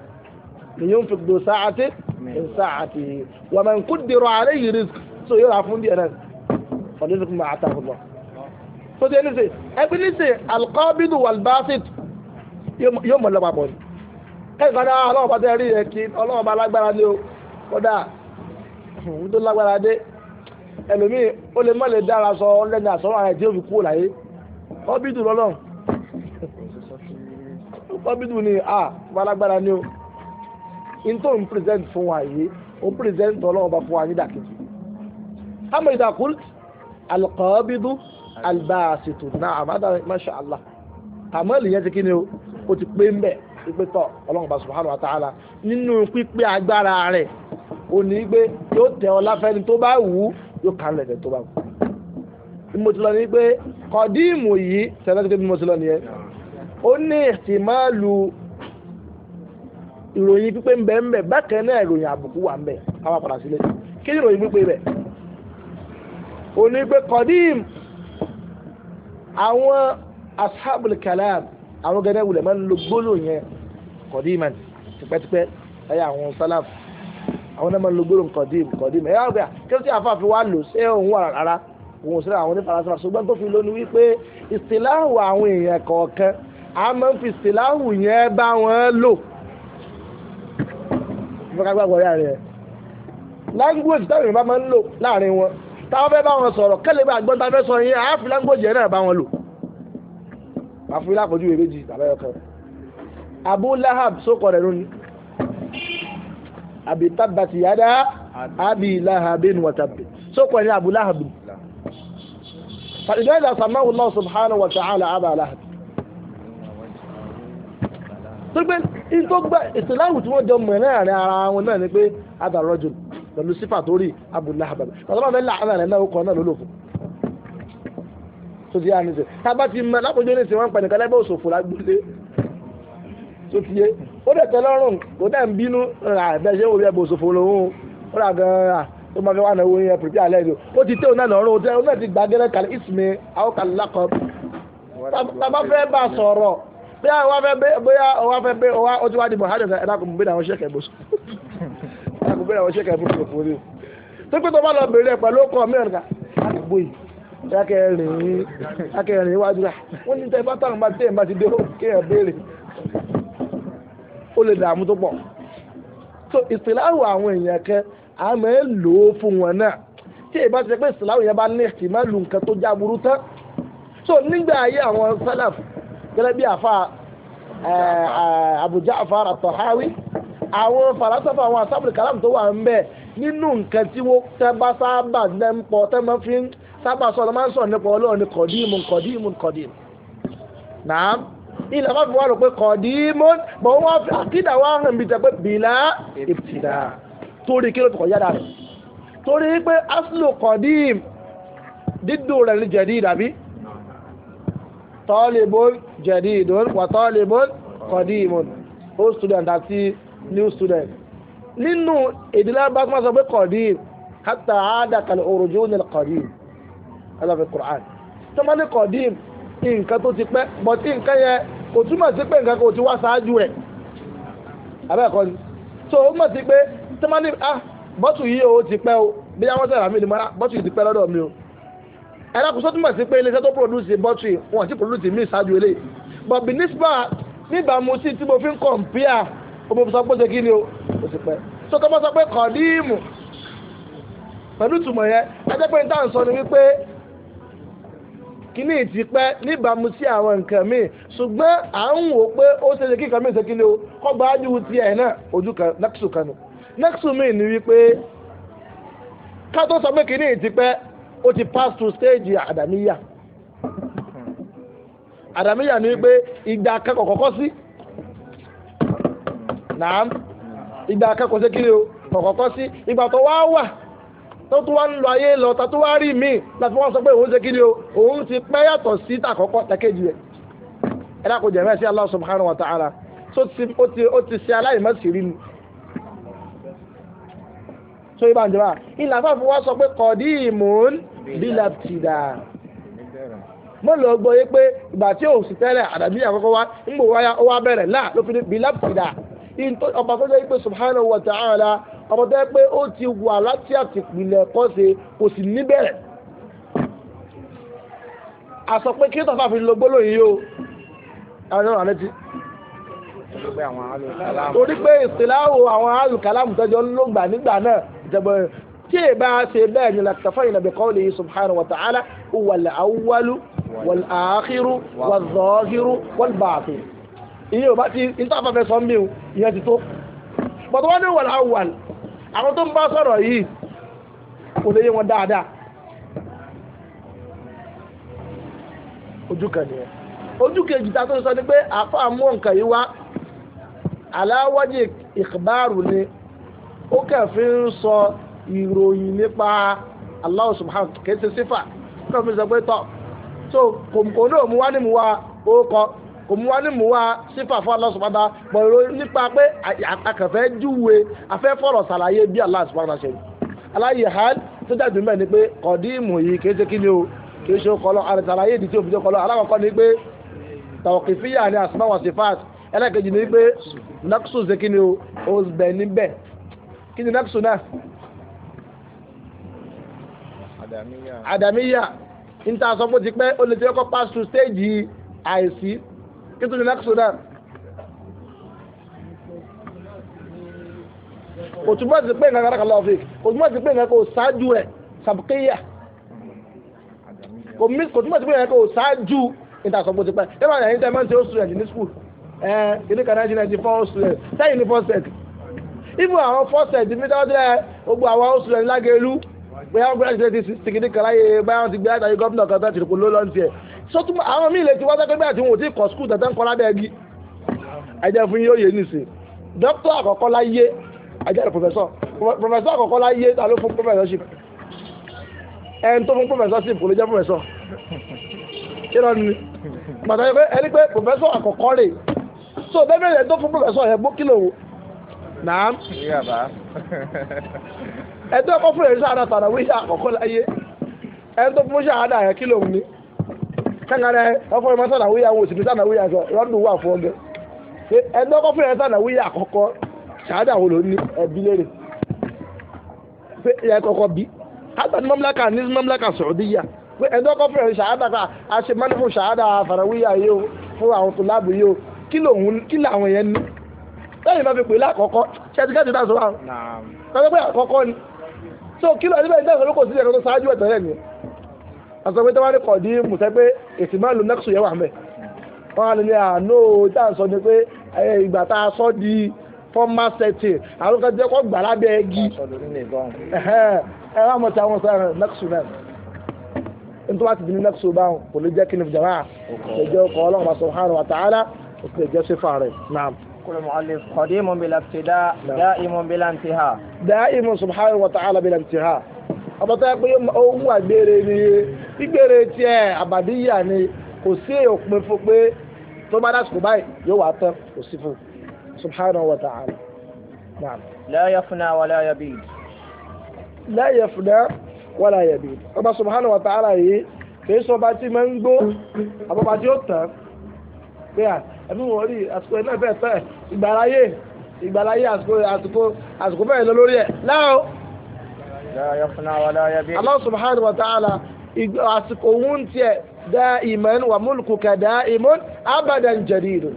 nìyẹn fi gbòó sáàtì sáàtì wà máa ń kú dèrò àárẹ̀ yìí risk so yóò ra fún díẹ̀ náà ọdún tó máa ta fún lọ. tó dé nísè ẹgbẹ́ nísè alqabidu walbasit yóò mọ̀ lọ́pàá pọ̀ ni ẹ̀kọ́dá ah, ọlọ́ọ̀bá tẹ́ rí yẹn kí ọlọ́ọ̀bá lágbára ní o kódà òun tó lágbára dé ẹlòmíì ó lè mọ́lẹ̀ dára sọ lẹ́nu àsọ́rọ̀ ara ẹ̀ tí ó fi kúrò láyé ọ́bìdù lọ́lọ́run ọ́bìdù ni a ah, bá lágbára ní o in tó ń present fún wa yìí ó present ọlọ́ọ̀bá fún wa ní dàkejì àmọ́ ìdàkùn alqabidu albasitu náà àmọ́ àdá masha Allah àmọ́ ìlú yẹn ti kí ni o ó ti pé ń bẹ́ẹ̀ ìpè tọ̀ ọlọ́run bá subhanahu wa ta'ala nínú pípé agbára rẹ̀ òní gbé yóò tẹ ọ láfẹ́ni tó bá wù ú yóò kàn lẹ̀dẹ̀ tó bá wù ú. bí mo ti lọ ní pé kọ̀díìmù yìí sẹ́lẹ̀tì bí mo ti lọ nìyẹn ó ní ìtìmọ́lù ìròyìn pípé ń bẹ ń bẹ bákan náà ìròyìn àbùkù wà ń bẹ káwá padà sílé kí ni ìròyìn pípé bẹ̀ òní pé kọ̀díìmù àwọn ashabul kalam àwọn gẹ́gẹ́ wulẹ̀ máa ń lo gbólóyìn yẹn kọ̀dímà tipẹ́tipẹ́ ẹ̀yà àwọn sálàf àwọn náà máa ń lo gbólóhùn kọ̀dím kọ̀dím ẹ̀yà ọ̀gá kíló tí àfa fi wá lò ṣé òun wà rárá òun ò sí àwọn onífarasọ́ra ṣùgbọ́n tó fi lónìí wípé ìsìláhù àwọn èèyàn kọ̀ọ̀kan a máa ń fi ìsìláhù yẹn bá wọn lò ìfọkàgbàgbọ̀ yà rẹ̀ language táwọn èèyàn bá máa ń lò láàrin wọn táwọn fẹ́ bá wọn sọ̀rọ̀ kẹ́lẹ́ bá gbọ́n tá a fẹ́ sọ yẹn àáfi language yẹn náà bá wọn lò àfi lápòjú ìrèjì tàbí ẹ̀yọ kan abu lahab sókọ̀ rẹ̀ lónìí àbí tabbati yada abi lahabin wàtàbí sókọ̀ ní abu lahab fàdìjọ́ ìdá sàmáwò Allah subhanahu wa ta'ala àbá lahab tó gbé tó gbé ìtìláwù tí wọ́n jọ mọ̀ láàrin ara wọn náà ni pé adarọ́jù pẹ̀lú abu na tó ti yé ó dẹ̀ tẹ́ lọ́rùn kò dẹ̀ ń bínú rà bẹ́ẹ̀ ṣé ń wo bí ẹbùn òṣòfò lòun ó rà gan-an tó máa fi wà náà wọ́n yẹn pèpè alẹ́ ìlú ó ti tẹ́ òun náà lọ́rùn ó náà ti gbà gẹ́rẹ́ kalẹ̀ ìsìnmi àwọn kalẹ̀ lakọ tàbá fẹ́ bá sọ̀rọ̀ bí wọ́n fẹ́ bóyá wọ́n fẹ́ bẹ́ wọ́n ó ti wá di mọ̀hádẹ́ ẹ̀ dàkú bí àwọn ṣẹ́kẹ̀ bó sọ tó pé tó bá lọ bèrè pẹ̀lú ọkọ̀ mẹ́rin ká àdúgbò yìí akẹrin akẹrin iwájú rà wọn ní tẹ bá táwọn bá tẹ ẹ bá ti dé ó kéèyàn béèrè ó lè dààmú tó pọ̀ so ìsìláwò àwọn èèyàn kan àmọ́ ẹ lò ó fún wọn náà tí ìbá ti ṣe pé ìsìláwò yẹn bá ní ẹ̀sì má lu nǹkan tó já burú tán so nígbà ayé àwọn sálàf gẹ́lẹ́ bí àfa Abu Ja'far at-Tahawi àwọn fàlásọ́fà àwọn asábùrì kalam tó wà ń bẹ̀ nínú nǹkan tí wọ́n tẹ́ bá sábà ń pọ̀ tẹ́ fi ń sábà sọ̀rọ̀ máa ń sọ̀rọ̀ nípa ọlọ́run ní kọ̀díìmù kọ̀díìmù kọ̀díìmù nàám ilẹ̀ kan fi wá rò pé kọ̀dímọ́ bọ̀ wọ́n fi àkídà wá hàn bí tẹ̀pẹ́ bìlá ìbùtìdá torí kí ló fi kọ̀ yára rẹ̀ torí pé aslu kọ̀dím dídò rẹ̀ ní jẹ̀dí ìdàbí tọ́lìbó jẹ̀dí ìdòwò wà tọ́lìbó kọ̀dímọ́ old student àti new student nínú ìdílé bá tó máa sọ pé kọ̀dím hátà àádàkàlẹ̀ òròjú ní kọ̀dím aláfẹ́ kùrán tó máa ní kọ̀dím nǹkan tó ti pẹ́ bọ̀tí nǹkan yẹn kò túmọ̀ sí pé nǹkan kò ti wá ṣáájú rẹ̀ abẹ́ẹ̀kọ́ ni so ó mọ̀ sí pé tẹ́mánì ah bọ́tù yìí o ti pẹ́ o bí wọ́n tẹ̀lé àmì ìdìmọ́ra bọ́tù yìí ti pẹ́ lọ́dọ̀ mi o ẹ̀rọ kò sọ́túmọ̀ sí pé iléeṣẹ́ tó produce bọ́tù yìí wọ́n ti produce mí ṣáájú eléyìí but binisba níbàámu sí tí mo fi ń kọ̀m̀pìà ọmọ mi sọ pé ṣe kí ni o kò sì pẹ́ so tọ́ bá sọ pé kọ̀díìmù pẹ̀lú ìtumọ̀ yẹn ẹ jẹ́ pé ní táà ń sọ ni wípé kíní ti pẹ́ níbàámu sí àwọn nǹkan míì ṣùgbọ́n à ń wò pé ó ṣe é kí nǹkan ṣe o kọ́gbà ájú tiẹ̀ náà ojú kan nẹ́kṣù kan nù nẹ́kṣù ni wípé ká sọ pé ti pẹ́ ó ti pass through stage ni wípé ìgbà akẹ́kọ̀ọ́ kọ́kọ́ sí ìgbà akẹ́kọ̀ọ́ ṣe o sí ìgbà tó wá tó tún wá ń lọ ayé lọ tó tún wá rí míì láti wọ́n sọ pé òun ṣe kí ni o òun ti pẹ́ yàtọ̀ sí tàkọ́kọ́ tẹ́kẹ́jì rẹ̀ ẹ dákun jẹ̀mẹ́ sí Allah subhanahu wa ta'ala tó ti ó ti ó ti ṣe aláìmọ̀sí rí ni. tó yí bá ń jọba ilà fáfi wá sọ pé kọ̀dí ìmùún bílà tìdà mo lọ gbọ́ yé pé ìgbà tí òun tẹ́lẹ̀ àdàbí àkọ́kọ́ wa ń gbò wáyà ó wá bẹ̀rẹ̀ láà ló fi bílà tìdà ọba tó jẹ́ pé subhanahu wa ta'ala ọmọ tó yẹ pé ó ti wà láti àtìpìlẹ̀ ẹ̀kọ́ ṣe kò sì níbẹ̀rẹ̀ àsọ pé kí tọ́fà fi lo gbólóhùn yìí o àwọn ènìyàn àlẹ́ ti. torí pé ìsìláwò àwọn alùkàlámù tọ́jọ́ ló gbà nígbà náà ìjọba tí ì bá ṣe bẹ́ẹ̀ ni làkàfà yìí nàbẹ̀kọ́ lè yí subhanahu wa ta'ala wal awwalu wal akhiru wal zahiru wal ìyẹn ò bá ti ìtàfàfẹ́ sọ́mbìn ìyẹn ti tó. bọ̀dọ̀ ní wal awwal àwọn tó ń bá sọ̀rọ̀ yìí kò lè yé wọn dáadáa ojú kan nìyẹn ojú kejì ta tó ń sọ ni pé àfa mú nǹkan yìí wá aláwọ́jì ìkbárù ni ó kẹfin ń sọ ìròyìn nípa Allah subhanahu kìí ṣe sífà kí wọ́n sọ pé tọ́ so kòmkò náà mú wá ní mú wá ó kọ́ kò mú wa ní mú wa sífà fún Allah subhanahu wa ta'ala pọ̀lọ́ nípa pé akàfẹ́ júwe afẹ́ fọ̀rọ̀ sàlàyé bí Allah subhanahu wa aláyè hàn tó jáde mẹ́rin ni pé kọ̀díìmù yìí kì í ṣe kí ni o kì í ṣe kọlọ àrẹ̀sàlàyé ìdí tí o fi kọlọ alákọ̀ọ́kọ́ ni pé tawqifiyya ni asma wa sifat ẹlẹ́kejì ni pé naqsu ṣe kí ni o ó bẹ̀ níbẹ̀ kí ni naqsu náà àdàmíyà àdàmíyà ní ta sọ fún ti pẹ́ ó lè ti kọ́ pass through stage àìsí kí tó ní lẹ́kọ̀ọ́ Sudan. kò túbọ̀ ti pé nǹkan kan lọ́wọ́ fi kò túbọ̀ ti pé nǹkan kò ṣáájú rẹ̀ sàbùkéyà kò túbọ̀ ti pé nǹkan kò ṣáájú ìtàsọ̀gbọ̀n ti pẹ́ ẹ máa yàn yín tẹ́ máa ń ṣe ó student ní school ẹ ilé kan nineteen ninety four student sẹ́yìn ní first set even àwọn first set bóyá wọn gbọ́dọ̀ ṣe ti sixty kìíní kan láyé báyà wọn ti gbé àtàyè gómìnà kan tán tìrìkù ló lọ ní tiẹ̀ sọtún àwọn míì lè ti wáṣẹ́ pẹ́gbẹ́ àti wọn ò tí ì kọ́ skul tẹ̀tẹ̀ ń kọ́ lábẹ́ ẹgi ẹjẹ fún yóò yé nìsín dókítà àkọ́kọ́ láyé ẹjẹ rẹ̀ pòfẹ́sọ̀ pòfẹ́sọ̀ àkọ́kọ́ láyé ta ló fún pòfẹ́sọ̀ṣìp ẹni tó fún pòfẹ́sọ̀ṣìp kò lè jẹ́ pòfẹ́sọ̀ kí lọ ni pàtàkì pé ẹni pé pòfẹ́sọ̀ àkọ́kọ́ rè so bẹ́ẹ̀ bẹ́ẹ̀ ẹ̀tọ́ ẹ̀kọ́ fún èrè sáà tààrà wíṣà àkọ́kọ́ láyé ẹni tó fún sáà dáa yẹn kí lòun ní kankanẹ ọkọ̀ ìmọ̀ sáà wíyà wo òsìbí sáà wíyà sọ lọ́dún wà fún ọgẹ ẹ̀tọ́ ẹ̀kọ́ fún èrè sáà wíyà àkọ́kọ́ sáà dáa wo ló ní ẹbí lérè pé ìyá ẹ̀kọ́kọ́ bí hatan mamlaka ní mamlaka Saudiya pé ẹ̀tọ́ ẹ̀kọ́ fún èrè sáà dáa a ṣe mọ́ni fún sáà dáa fàrà wíyà yìí o fún àwọn tó láàbù yìí o kí lòun kí làwọn yẹn ní lẹ́yìn bá fi pè é lákọ̀ọ́kọ́ ṣẹ́ẹ́tì kẹ́ẹ̀tì dáa sọ wà. kọ́ńtà pé àkọ́kọ́ ni so kí ló ẹni bẹ́ẹ̀ dáhùn ló kò sí ẹ̀rọ tó ṣáájú ẹ̀tọ́ rẹ̀ ni àṣọ pé tẹ́wọ́n kọ̀ dí mùsẹ́ pé èsì máa lo nexus yẹn wà mẹ́ wọ́n á lè ní àánú ah, tá à ń sọ ni pé ìgbà tá a sọ di formal setting àwọn kan jẹ́ kó gbà lábẹ́ ẹgi ẹ̀rọ àmọ́ tí àwọn sọ nexus náà nítorí wàá ti di ní nexus báwọn kò lè jẹ́ kí ni jàmáà ẹ̀jẹ̀ ọkọ̀ ọlọ́run كل مؤلف قديم بلا ابتداء دائم بلا انتهاء دائم سبحانه وتعالى بلا انتهاء ọba tó yẹ pé ohun àgbèrè ni gbígbèrè tiẹ̀ àbàdíyà ni kò sí òpin fún pé tó bá dásìkò báyìí yóò wà tán kò sí fún subhanahu wa ta'ala naam. la yafna wala yabid. la yafna wala yabid ọba subhanahu wa ta'ala yìí kì í sọ ọba tí máa ń gbó àbọ̀bá tí ó tàn pé à ẹ̀mí wọ́n rí àsìkò iná fẹ́ fẹ́ ìgbàláyé ìgbàláyé àsìkò àsìkò àsìkò fẹ́ lọ lórí ẹ̀ láàó. Allah subhanahu wa ta'ala àsìkò òun tiẹ̀ da'iman wa mulkuka da'imun abadan jadidun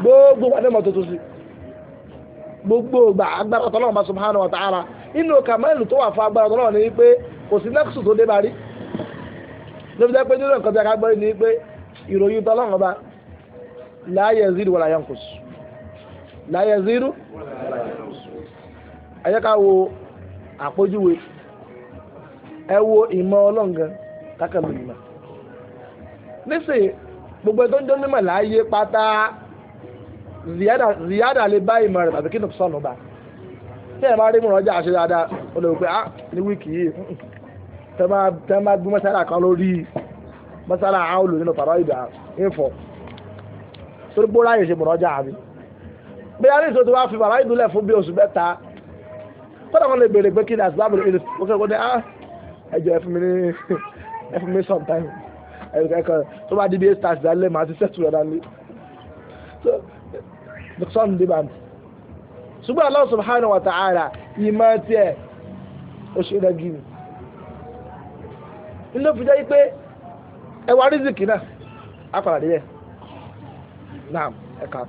gbogbo wa ní mọ̀ tuntun sí gbogbo ìgbà agbára tọ́lọ́wọ́n bá subhanahu wa ta'ala inú kàmẹ́lù tó wà fún agbára tọ́lọ́wọ́n ni wípé kò sí nẹ́kùsù tó dé lóbi jẹ́ pé nínú nǹkan tí a ká gbọ́ ni wípé ìròyìn tọ́lọ́wọ́n bá la yazid wala yankus la yazid wala yankus ẹ jẹ́ ká wo àpójúwe ẹ wo ìmọ̀ ọlọ́ǹgàn kákàlù ìmọ̀ nísìnyí gbogbo ẹ tó ń jẹ́ mímọ̀ láàyè pátá ziyada lè bá ìmọ̀ rẹ̀ tàbí kí nìkan sọ̀nù bá tí ẹ bá rí múra ọjà àṣẹ dáadáa ó lè wò ah ní wíìkì yìí tẹ́ máa gbé mọ́sálà kan lórí mọ́sálà àwọn olùdíjọ́ pàrọ̀ ìdá ìfọ̀ torí pé ó ráyè ṣe mọ̀rọ́jà àbí bí a ní ìṣòro tó bá fi bàbá ìdúlẹ̀ fún bí oṣù mẹ́ta kódà wọn lè béèrè pé kí ni àti báàbò ìlú ó fẹ́ kó ní ah ẹjọ́ ẹ fún mi ní ẹ fún mi sometime ẹ̀kọ́ tó bá di bí eight stars dálé màá ti settle ọ̀dà the sun dey bad ṣùgbọ́n Allah subhanahu wa ta'ala ìmọ̀ tiẹ̀ ó ṣe é ilé òfin jẹ́ pé ẹwà rìzìkì náà á padà dé yẹn. نعم ẹ̀ka.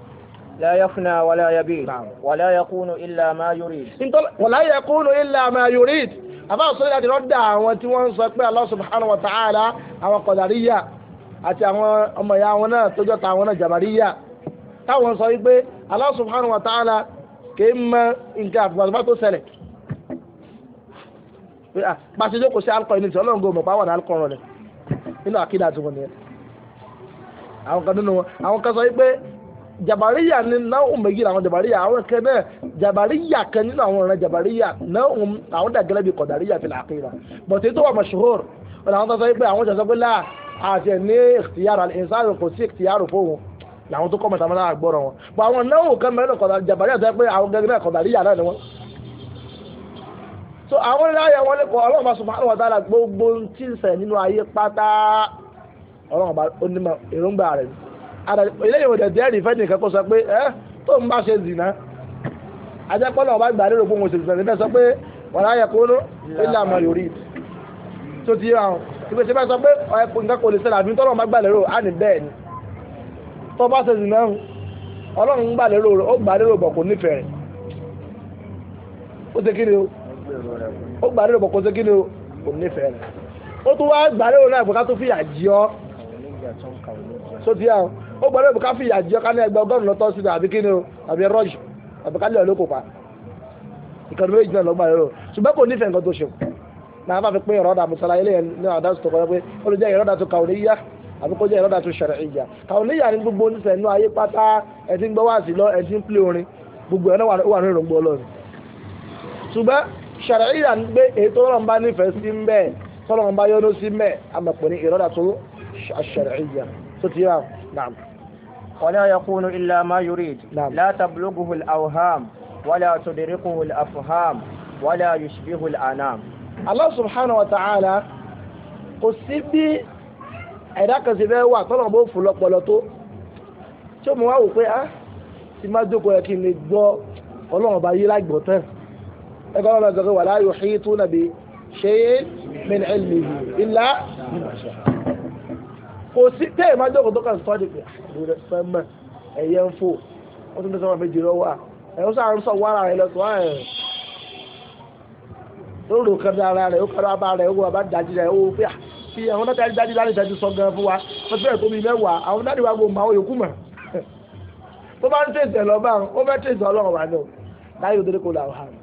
لا يفنى ولا يبيد نعم. ولا يكون إلا ما يريد ولا يكون إلا ما يريد àbá sọ الله عليه àwọn tí wọ́n ń sọ pé Allah subhanahu wa ta'ala àwọn kọ̀dàríyà àti àwọn ọmọ ìyá wọn náà tójọ́ ta àwọn náà jàbàríyà táwọn sọ wípé Allah subhanahu wa ta'ala kì í mọ nǹkan àfùgbàsọ́fà tó ṣẹlẹ̀ pàṣẹ jókòó sí alukọ ìnìtì ọlọ́run gbọ́ mọ̀ pàwọn alukọ rẹ̀ nínú àkídà tí wọ́n nìyẹn àwọn kan nínú wọn àwọn kan sọ pé jabariya ni náà méjì làwọn jabariya àwọn kan náà jabariya kan nínú àwọn ọ̀ràn jabariya náà àwọn dàgẹ́lẹ́ bíi kọ̀dàríyà fi làákè rà bọ̀tẹ́ tó wà mọ̀ṣúhùr ọ̀nà àwọn tó sọ pé àwọn jọ sọ pé láà àti ẹ̀ ní ìkìtìyàrá ìsáàrò kò sí ìkìtìyàrá fóun làwọn tó kọ́mọ̀tà máa gbọ́rọ̀ wọn bọ́ àwọn náà kan mẹ́rin kọ̀dà jàbárí àti pé àwọn gẹ́gẹ́ náà kọ̀dà náà ni wọ́n. so àwọn ilé ayé wọn lè kọ́ ọlọ́run bá sọ fún àwọn ọlọ́run ọba ó ní èròǹgbà rẹ̀ eléyìí ò dẹ̀dẹ̀ ẹ̀rí fẹ́ẹ́ nìkan kó sọ pé ẹ́ tó ń bá ṣe zìnà ajẹ́pọ́lọ́ ọba gbà lérò pé òun ṣe zìnà níbẹ̀ sọ pé wàrà yẹ kó ló ilé àmọ́ yòrí tó ti yẹ àwọn ìgbésẹ̀ bá sọ pé ẹ̀pọ̀ nǹkan kò lè ṣẹlẹ̀ àbí tọ́lọ́ ọba gbà lérò á ní bẹ́ẹ̀ ni tó bá ṣe zìnà ọlọ́run gbà lérò ó gbà lérò bọ̀ kò nífẹ̀ẹ́ rẹ̀ ó ṣe kíni o ó gbà lérò bọ̀ kò ṣe kíni o kò nífẹ̀ẹ́ rẹ̀ ó tún wá gbà lérò náà ìbùkátó fìyà jí ọ́ so ti yà ó gbọ́dọ̀ bí ká fi ìyà jẹ ká ní ẹgbẹ́ ọgọ́rùn lọ́tọ̀ sí àbí kí ni o àbí rọj àbí ká lè ọ lóko pa ìkànnì méjì náà lọgbà yẹn o ṣùgbọ́n kò nífẹ̀ẹ́ nǹkan tó ṣe náà bá fi pé ìrọ́dà musala ilé yẹn ní àdá tó kọjá pé ó lè jẹ́ ìrọ́dà tó kàwé níyà àbí kó jẹ́ ìrọ́dà tó ṣẹ̀rẹ̀ ìyà kàwé níyà ni gbogbo oníṣẹ́ inú ayé pátá ẹ ti ń gbọ́ wá sí lọ ẹ ti ń pè orin gbogbo ẹ̀ náà wà ní ìrògbò ọlọ́run ṣùgbọ́n ṣẹ̀rẹ̀ ìyà ń gbé èyí tó rọ̀ ń bá nífẹ̀ẹ́ sí ń bẹ́ẹ̀ tọ́lọ́run bá yọ́nú الشرعية ستيام نعم ولا يكون إلا ما يريد نعم. لا تبلغه الأوهام ولا تدركه الأفهام ولا يشبه الأنام الله سبحانه وتعالى قصبي ẹ̀dá kan sì fẹ́ wà tọ́lọ̀ bó fún lọ́pọlọ tó tí mo wá wò pé á ah, ti má jókòó yẹ kí n lè gbọ́ ọlọ́run ọba yìí lágbọ́ tán ẹgbẹ́ ọlọ́run ọba yìí wà la yuhituna bi shay'in min ilmihi illa bima sha'a kò sí tẹ́ ẹ̀ máa jókòó tó kàn sọ́ọ́dì pé àdúrà ah, sẹ́mà ẹ̀yẹ ń fò ó tún tẹ́sán méjì lọ wà ẹ̀yọ́ sáà ń sọ wàrà rẹ̀ lọ sọ́ọ́ ẹ̀ ó rò kẹrẹ ara rẹ̀ ó kẹrẹ abá rẹ̀ ó wà bá dájú rẹ̀ ó fíà ah, fi àwọn náà dájú láti dájú sọ gan fún wa wọ́n fẹ́rẹ̀ tóbi mẹ́wàá àwọn dájú wa gbọ́ màá yòókù mọ̀ tó bá ń tẹ̀sẹ̀ lọ bá ó fẹ́ tẹ̀sẹ̀ ọlọ́run wà náà láyé òdòdó kò làwọn àrùn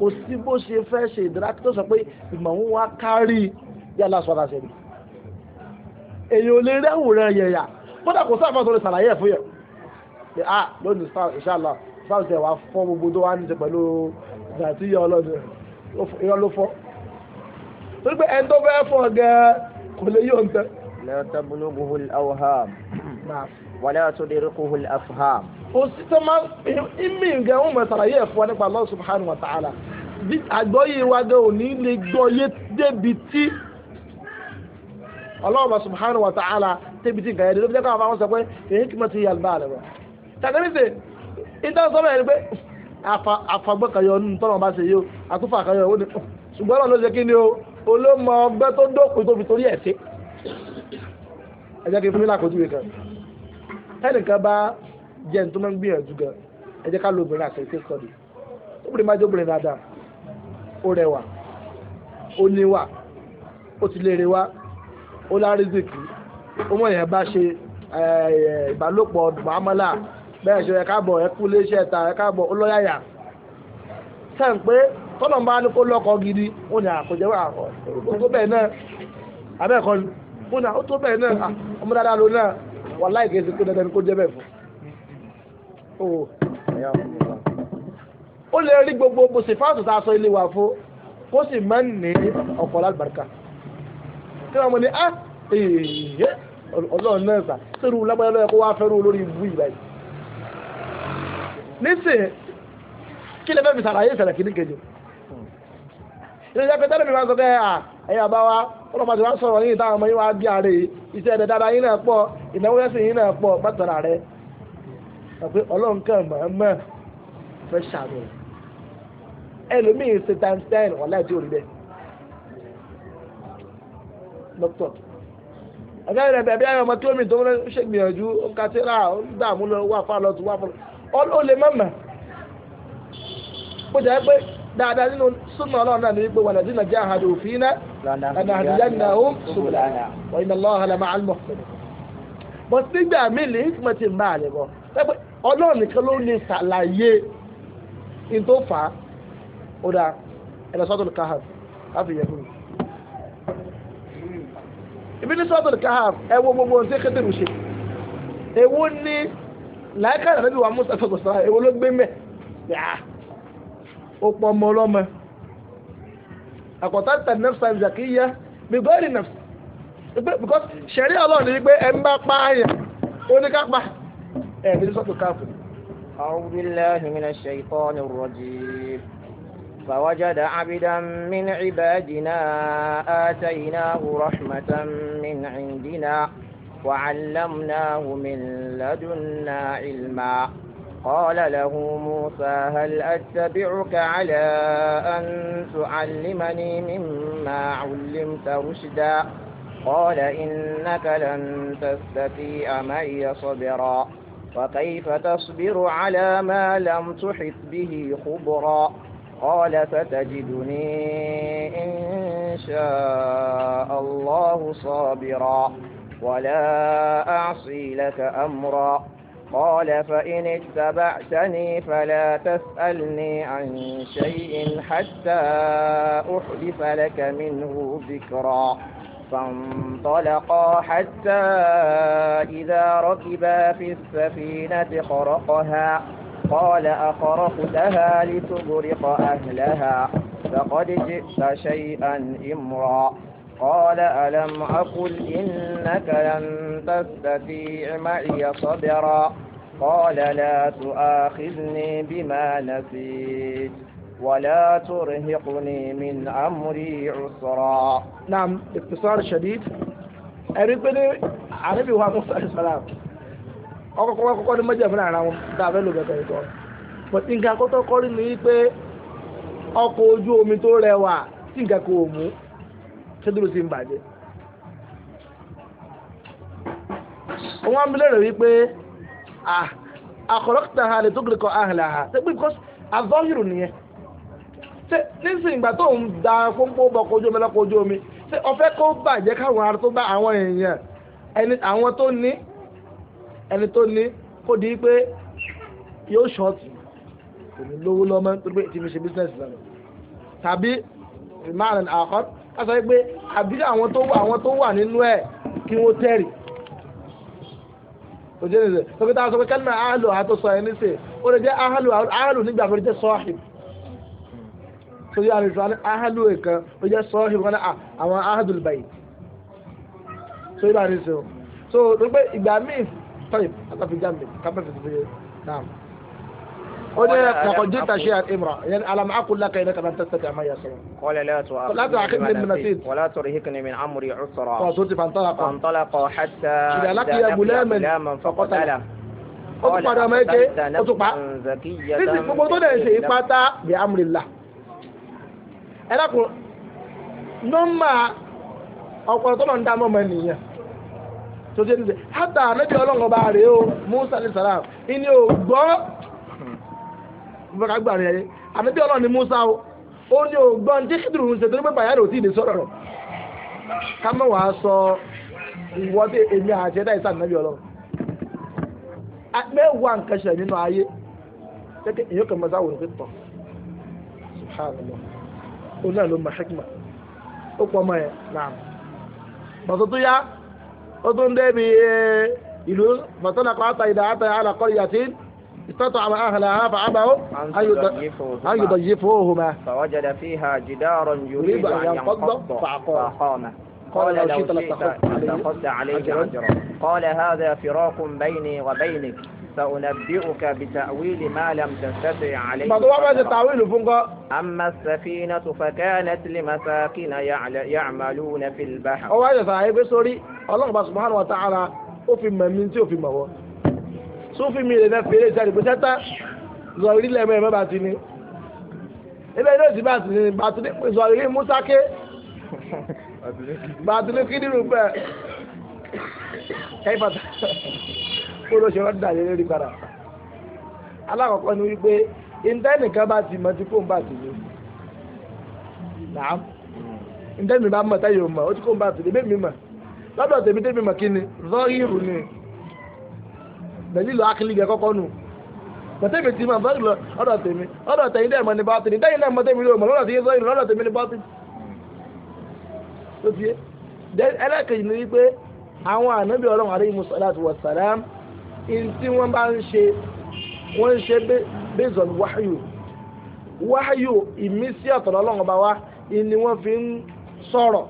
kò sí bó ṣe fẹ́ ṣe ìdíra tó sọ pé ìmọ̀ ń wá kárí bí aláṣọ́ra ṣe rí èyí ò lè rí àwòrán yẹ̀yà kódà kò sáà fọ́tò lè ṣàlàyé ẹ̀ fún ah, lónìí sáà ìṣàlá sáà tẹ̀ wá fọ́ gbogbo tó wá ní ti pẹ̀lú ìdàtí yẹ ọlọ́dún irọ́ ló fọ́ torí pé ẹni tó fẹ́ fọ́ gẹ́ẹ́ kò lè yóò ń tẹ́. la tablughuhu al-awham wala ọlọ́run bá subhanahu wa ta'ala tẹ́bi tí nǹkan yẹn ló fi jẹ́ káwọn bá wọn sọ pé èyí kì í mọ̀ ti yàgbá rẹ̀ wọ̀. tàbí sè ìtàn sọ́mọ̀ yẹn ni pé àfagbọ́ kan yọ ọ́nù tọ́lọ̀ bá ṣe yìí o àtúfà kan yọ ọ́nù ṣùgbọ́n ọ̀nà ló ṣe kí ni o olómọ ọgbẹ́ tó dópin tó fi torí ẹ̀ sí. ẹ jẹ́ kí n fún mi lákòójúwe kan ẹnìkan bá jẹ́ ní tó máa ń gbìyànjú gan ẹ jẹ́ ká lo obìnrin àti ẹ̀kẹ́ sọ́ọ̀dì obìnrin máa jẹ́ obìnrin dáadáa ó rẹwà ó níwà ó ti léèrè wá ó lárízìkì ó mọ̀ yẹn bá ṣe ìbálòpọ̀ dùmámọ́là bẹ́ẹ̀ ṣe ẹ̀ka bọ̀ ẹ̀kú iléeṣẹ́ ta ẹ̀ka bọ̀ ọlọ́yàyà sẹ́ ń pé tọ́nà bá ní kó lọ́kọ gidi ó ní àkójẹ́ wà ó tó bẹ́ẹ̀ náà abẹ́ẹ̀kọ́ ni ó ní ó bẹ́ẹ̀ náà ọmọ dáadáa ló náà wà láì kèsì pé dandan ni kó jẹ́ bẹ́ẹ̀ fún ó lè rí gbogbo bó ṣe fáàtù ilé wa fún kó sì máa ń ní ọ̀pọ̀ lálùbáríkà tí wọ́n ah èèyàn eh, ọlọ́run náà sà sẹ́rù lágbára lọ́yẹ kó wá fẹ́rù lórí ibú ìgbà yìí. nísìn kí lè fẹ́ fi sàlàyé ìṣẹ̀lẹ̀ kìíní kejì. ìrìn àpẹtẹ lómi máa sọ bẹ́ẹ̀ à ah, ẹ̀yà bá wa ọlọ́pàá ti wá sọ̀rọ̀ yìí táwọn ọmọ yìí wá bí ààrẹ yìí iṣẹ́ ẹ̀dẹ̀ dáadáa yìí náà pọ̀ ìnáwó ẹ̀sìn yìí náà pọ̀ bàtàrà rẹ̀ àpé ọlọ́run kan fẹ́ ṣàbẹ̀wò ẹlòmíì doctor ọ̀gá ìrẹ̀ bẹ̀bí ayọ̀ ọmọ tí omi tó ń ṣègbìyànjú kátírà ó ọ lè má mà bó jẹ́ pé dáadáa nínú súnmọ́ ọlọ́run náà ní wípé wà lẹ́dínà jẹ́ àhàdù òfin náà lànà àdìyá nà ó sùgbà wọ́n iná lọ́wọ́ ti ibi ní sọ́tò káhàm ẹ wo gbogbo ohun tí Khidr ṣe èwo ní láìka ìrẹ́bí wa Musa sọ̀tò sọ̀rọ̀ èwo ló gbé mẹ́ yá ó pọ̀ ọmọ ọlọ́mọ àkọ́tà tẹ̀ nẹ́fṣà ìjàkíyà bí gọ́ọ̀rì nẹ́fṣà because ṣẹ̀rí ọlọ́run ni pé ẹ ń bá pààyàn ó ní ká pa ẹ̀ ní sọ́tò káàfù. أعوذ بالله من الشيطان الرجيم فوجد عبدا من عبادنا آتيناه رحمة من عندنا وعلمناه من لدنا علما قال له موسى هل أتبعك على أن تعلمني مما علمت رشدا قال إنك لن تستطيع معي صبرا وكيف تصبر على ما لم تحط به خبرا قال فتجدني إن شاء الله صابرا ولا أعصي لك أمرا قال فإن اتبعتني فلا تسألني عن شيء حتى أحدث لك منه ذكرا فانطلقا حتى إذا ركبا في السفينة خرقها قال أخرقتها لتغرق أهلها فقد جئت شيئا إمرا قال ألم أقل إنك لن تستطيع معي صبرا قال لا تؤاخذني بما نسيت ولا ترهقني من أمري عسرا نعم اختصار شديد أريد أن أعرف هو عليه السلام ọkọ̀kọ́ wọn kọ́kọ́ ní mẹ́jẹ̀ fún ara wọn tá a fẹ́ lò bẹ̀tẹ̀ ìtọ́ but nǹkan akọ́tọ́ kọ́rí ni pé ọkọ̀ ojú omi tó rẹwà tí nǹkan kò mú ṣédúró sí ń bàjẹ́ wọn ń bilẹ̀ rẹ̀ wípé àkọ́rọ́kìtà ha lè tó kiri kọ́ àhìlẹ̀ ha ṣé pé because àzọ́hìrù nìyẹn ṣe nísìnyí ìgbà tó ń da fúnpọ̀ bọ̀kọ̀ ojú omi lọ́kọ̀ ojú omi ṣé ọ̀fẹ́ kó bàjẹ́ káwọn ará tó bá àwọn èèyàn àwọn tó ní ẹni tó ní kó di pé yóò ṣọ́ọ̀tì kò ní lówó lọ́mọ tó pé ti fi ṣe bísínẹ́sì lọ́nà tàbí ìmáàrin àkọ́ kásọ pé àbí àwọn tó wà àwọn tó wà nínú ẹ̀ kí wọ́n tẹ̀rì kò jẹ́ nìyẹn tó kí táwọn sọ pé kẹ́lí náà áhàlù àtó sọ ẹni sè ó lè jẹ́ áhàlù áhàlù nígbà kan jẹ́ sọ́ọ̀hìb tó yẹ àrùn ìṣòwò áhàlù kan ó jẹ́ sọ́ọ̀hìb kan náà àwọn áhàlù báyìí tó yẹ àrùn ìṣòwò so pé ìgbà míì طيب هذا في جنبي كمل في نعم قلنا لقد جئت شيئا امرا يعني على اقل لك انك لن تستطيع ما يصنع قال لا تؤاخذني من تؤاخذني نسيت ولا ترهقني من امري عسرا فصرت فانطلق فانطلق حتى اذا لقي غلاما فقتله ó tún padà ọmọ ẹgbẹ́ ó tún pa títí gbogbo tó dẹ̀ ṣe ìpátá bí amúrìlá ẹ dákun nọ́mbà ọ̀pọ̀lọpọ̀ tó lọ ń tó dé níbẹ̀ hátà anábì ọlọ́run ọba rèé o musa alayhi salam ìní ò gbọ́ bàbá gbà rẹ̀ anábì ọlọ́run ni musa o ó ní ò gbọ́ ní kíkìdìrú ń ṣe torí pé bàyá rẹ̀ ò tí ì lè sọ̀rọ̀ rẹ̀ ká mọ̀ wá sọ ìwọ tí èmi àti ẹ̀dá ìsàn anábì ọlọ́run mẹ́wàá nǹkan ṣẹlẹ̀ nínú ayé tẹ́kẹ́ èyí kan mọ́ sáwọn òfin tán subhanallah ó náà ló mọ̀ ṣẹ́kìmọ̀ ó pọ̀ mọ́ ẹ̀ náà bàtọ́ tó yá أظن ده بيلوز فطلق عطا إذا عطا على قرية استطعم أهلها فأبوا أن يضيفوهما فوجد فيها جدارا يريد أن ينقض فأقامه قال لو شئت لاتخذت عليه أجرا قال هذا فراق بيني وبينك سأنبئك بتأويل ما لم تستطع عليه صبرا أما السفينة فكانت لمساكن يعملون في البحر ọwọ́ àjẹsà àìgbé sórí ọlọ́ọ̀bá subhanahu wa ta'ala ó fi mọ̀ mí tí ó fi mọ̀ wọ́ sófin mi lè fẹ́ fèrè ìṣàlẹ̀ pé sẹ́tà zọrí lẹ́mọ̀ ẹ̀mọ́ bá ti ní ilé ilé ìsìn bá ti ní bá ti ní pé zọrí músáké bá ti ní kídìrú bẹ́ẹ̀ kẹ́yìn pàtàkì. kó ló ṣe rọ́dà lé lórí padà alákọ̀ọ́kọ́ ni wípé ìńtẹ́nìkan bá ti mọ̀ tí kò ń bà tì mí ìńtẹ́nì bá mọ̀ táyọ̀ mọ̀ ó ti kò ń bà tì mí bẹ́ẹ̀ mọ̀ lọ́dọ̀ mọ̀ kí ni zọ́ọ̀hìrù ni dalilu akili kọ́kọ́ nù pẹ̀tẹ́mi ti mọ̀ zọ́ọ̀hìrù lọ́dọ̀ tèmi lọ́dọ̀ tẹ̀yìn dẹ̀ mọ̀ ní bá tèmi tẹ̀yìn dẹ̀ mọ̀ tẹ̀mi In ntí wọ́n bá ń ṣe wọ́n ń ṣe based on wáyò wáyò ìmísí ọ̀tọ̀rọ̀ ọlọ́run ọba wa ni wọ́n fi ń sọ̀rọ̀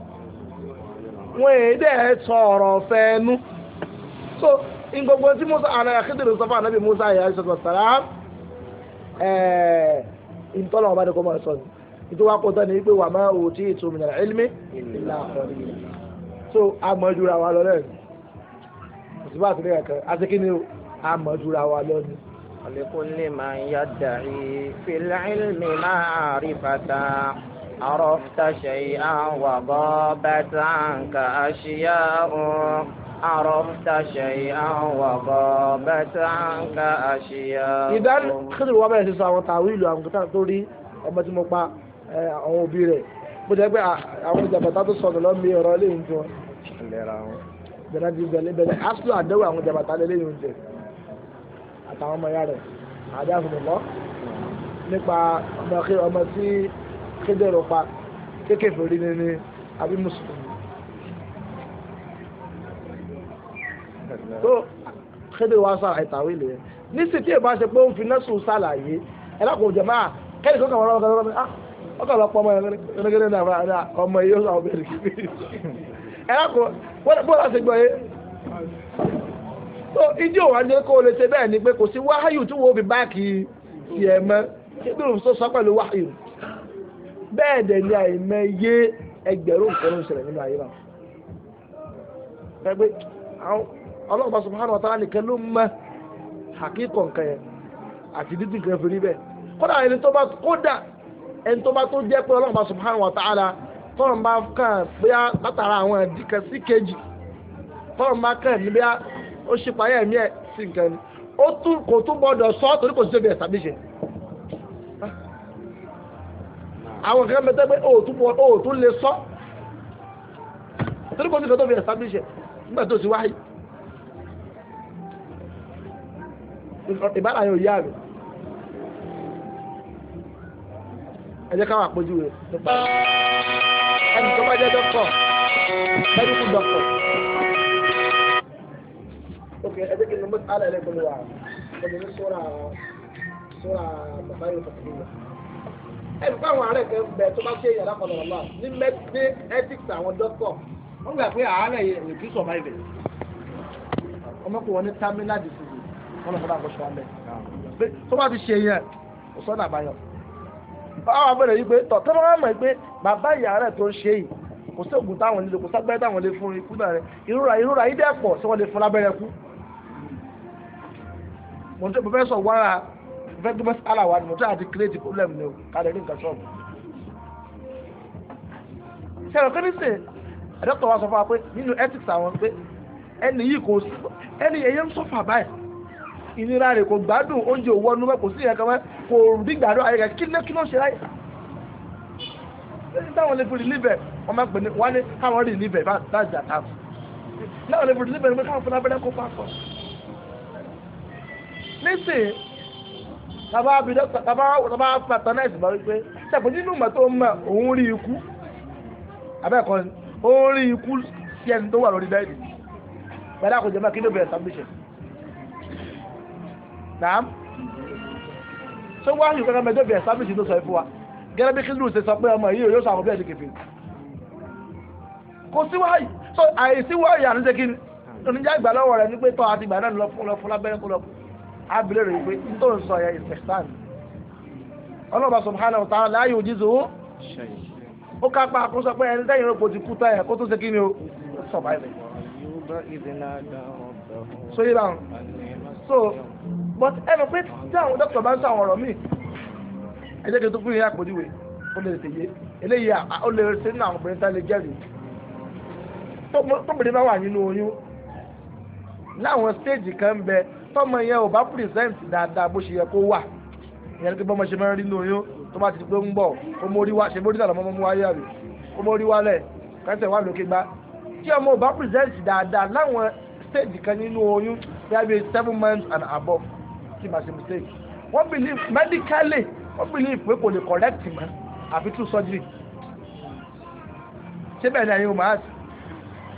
wọ́n èyí dẹ̀ sọ̀rọ̀ fẹ́ẹ́nu so gbogbo tí musa àná akédèrè sọ fún anabi musa yà ṣe sọ̀tàrà ẹ̀ẹ́ ìtọ́lọ̀ ọba ni kò máa sọ ni ìtura kò tán ni wípé wà máa wò tí ètò ẹ̀lmí ìlà àkọ́rí so àmọ́júra wa lọ lẹ́yìn àṣìbá àti lẹ́yìn kan aṣèkínní o àmọ̀júra wa lọ́ni. ولكل من يدعي في العلم معرفة عرفت شيئا وغابت عنك أشياء عرفت شيئا وغابت عنك أشياء. إذا خذ الوباء سيساوي تعويل عن كتاب توري ọmọ tí mo pa àwọn òbí rẹ̀ bó jẹ́ pé àwọn ìjàmbá tó sọ̀rọ̀ lọ́mí ọ̀rọ̀ lẹ́yìn tí wọ́n bẹ̀rẹ̀ ti bẹ̀rẹ̀ bẹ̀rẹ̀ aṣọ àdéhùn àwọn jàbàtà lélẹ́yìn oúnjẹ àtàwọn ọmọ ya rẹ̀ àdáfọ̀mọ́ nípa ọmọ tí kédèrò pa kékèfé rí ni ni àbí mùsùlùmí. tó kédèrò wa sára ìtàwé lè yẹn nísìsiyìí tí èèyàn ṣe pé ó ń fi nẹ́sùn sàlàyé ẹlẹ́kùn òjò máa kẹ́lí kọ́kọ́ wọn lọ́wọ́ kọ́kọ́ wọn ọkọ̀ lọ́pọ̀ ọmọ yẹn ọmọ yẹn yóò sọ ẹ̀rákò bọ́ọ̀lù bọla gbọ́ yé so ìdí òwò àti kó o lè ṣe bẹ́ẹ̀ ni pé kò sí wáhàyù tí wọ́n fi báàkì sí ẹ̀ mọ́ òun sọ pẹ̀lú bẹ́ẹ̀ dẹ̀ ni àìmọ iye ẹgbẹ̀rún nǹkan ló ń ṣẹlẹ̀ nínú ayé náà pẹ̀gbẹ́ ọlọ́ọ̀bá subhanahu wa ta'ala nìkan ló mọ àkíkọ̀ nǹkan yẹn àti tọ́run bá kàn bóyá látara àwọn ìdíkan sí kejì tọ́run bá kàn ní bóyá ó ṣe payẹ́ ẹ̀mí ẹ̀ sí nǹkan ni ó tún kò tún gbọ́dọ̀ sọ torí kò sí ṣe bí ẹ̀ tàbí ṣe. àwọn kan mẹ́tẹ́ pé ó tún lè sọ torí kò sí ṣe tó fi ẹ̀ ṣe nígbà tó ti wáyé. ìbára yẹn yá mi. ẹ jẹ́ ká wà pójú rẹ̀ ẹni tó bá jẹ́ dọ́kítọ̀ mẹ́díkù dọ́kítọ̀. ok ẹ kí n lọ mọ́tò alẹ́ lẹ́gbẹ̀ẹ́ wa ọmọ mi sọ́ra sọ́ra bàbá yóò tọ̀tù nílẹ̀. ẹ bí fáwọn àárẹ̀ kan bẹ tó bá ṣe yàrá kan lọ́wọ́ náà ní mẹ́tí ethics àwọn dọ́kítọ̀ wọ́n gbà pé àárẹ̀ yẹn rè kí survive ọmọkùnrin ní terminal disease wọ́n lọ fọ́nà àkọsọ alẹ́ tó bá ti ṣe yẹn kò sọ́nà àbáyọ àwọn abẹ́rẹ́ yìí pé tọ̀tẹ́ máa mọ̀ pé bàbá ìyá rẹ̀ tó ń ṣe yìí kò sí ògùn táwọn nílò kò sábẹ́rẹ́ táwọn lè fún ikú náà rẹ̀ ìrora ìrora yìí dẹ́ pọ̀ sí wọ́n lè fún lábẹ́rẹ́ kú. mo tẹ́ mo fẹ́ sọ wára mo fẹ́ dúpẹ́ sára wa ni mo tẹ́ àti create problem ni o kálẹ̀ ní nǹkan ṣọ́ọ̀bù. sẹ́yìn kí ni sè ẹ̀dọ́tọ̀ wa sọ fún wa pé nínú ethics àwọn pé ẹni yìí kò ẹni ẹ̀yẹ ìnira rẹ̀ kò gbádùn oúnjẹ òwò ọdún mẹ́kò sí ìyẹn kan mẹ́ kò rí gbádùn ayé rẹ̀ kí ló kí ló ṣe láyé. lẹ́yìn táwọn lè fi rìlíbẹ̀ wọ́n máa pè ní wọ́n ní káwọn rìlíbẹ̀ that's their task. láwọn lè fi rìlíbẹ̀ ní pé káwọn fúnra abẹ́rẹ́ kó papọ̀. nísìnyí tàbá abidọ́ tàbá tàbá patronize bá wípé sẹ́kùn nínú ìmọ̀ tó mọ̀ òun rí ikú abẹ́ẹ̀kọ́ òun rí ikú sí ẹni tó wà lórí bẹ́ẹ̀dì pẹ̀lú àkójọ mẹ́kí so ṣé wáyé kankan mẹ́jọ bí ẹ̀sábìsì ló sọ ẹ fún wa gẹ́gẹ́ bí kíndùn ṣe sọ pé ọmọ yìí yóò sọ àwọn bí ẹ̀ ṣe kẹfì kò sí wáyé so àìsí wáyé àti ṣe kíni oníjà ìgbà lọ́wọ́ rẹ̀ ní pé tọ́ àti ìgbà náà lọ fún lọ fún lábẹ́rẹ́ kó lọ fún abilé rẹ̀ pé tó ń sọ ẹ̀ ìsẹ̀sán ọlọ́ba subhanahu wa ta'ala láàyè òjìzò ó kápá àkóso pé ẹni tẹ́yìn rẹ̀ kò ti kú táyà kó tó ṣe kíni o sọ̀báyìí so yìí báwọn so but ẹ eh, mọ̀ pé tí àwọn dókítà bá ń sọ àwọn ọ̀rọ̀ míì ẹ jẹ́ kí n tó fún yín àpòjúwe ó lè tèye eléyìí ó lè ṣe nínú àwọn obìnrin tá lè jẹ́rìí tóbìnrin bá wà nínú oyún láwọn stéèjì kan ń bẹ tọmọ yẹn ò bá pírẹsẹ̀ǹtì dáadáa bó ṣe yẹ kó wà ìyẹn ní pé bọ́mọ ṣe máa ń rí nínú oyún tó bá ti di pé ń bọ̀ ó mórí wá ṣe mórí náà lọ́mọ mú wáyé àbí ó mórí wálẹ̀ kẹsẹ̀ wà lókè gbá tí ọmọ ò bá present dáadáa láwọn stage kan nínú oyún yàrá bíi seven months and above tí màá ṣe mistake wọ́n believe medically wọ́n believe pé kò lè correct mọ́ àfi two surgery ṣé bẹ́ẹ̀ ni ẹ̀yin ò máa ṣe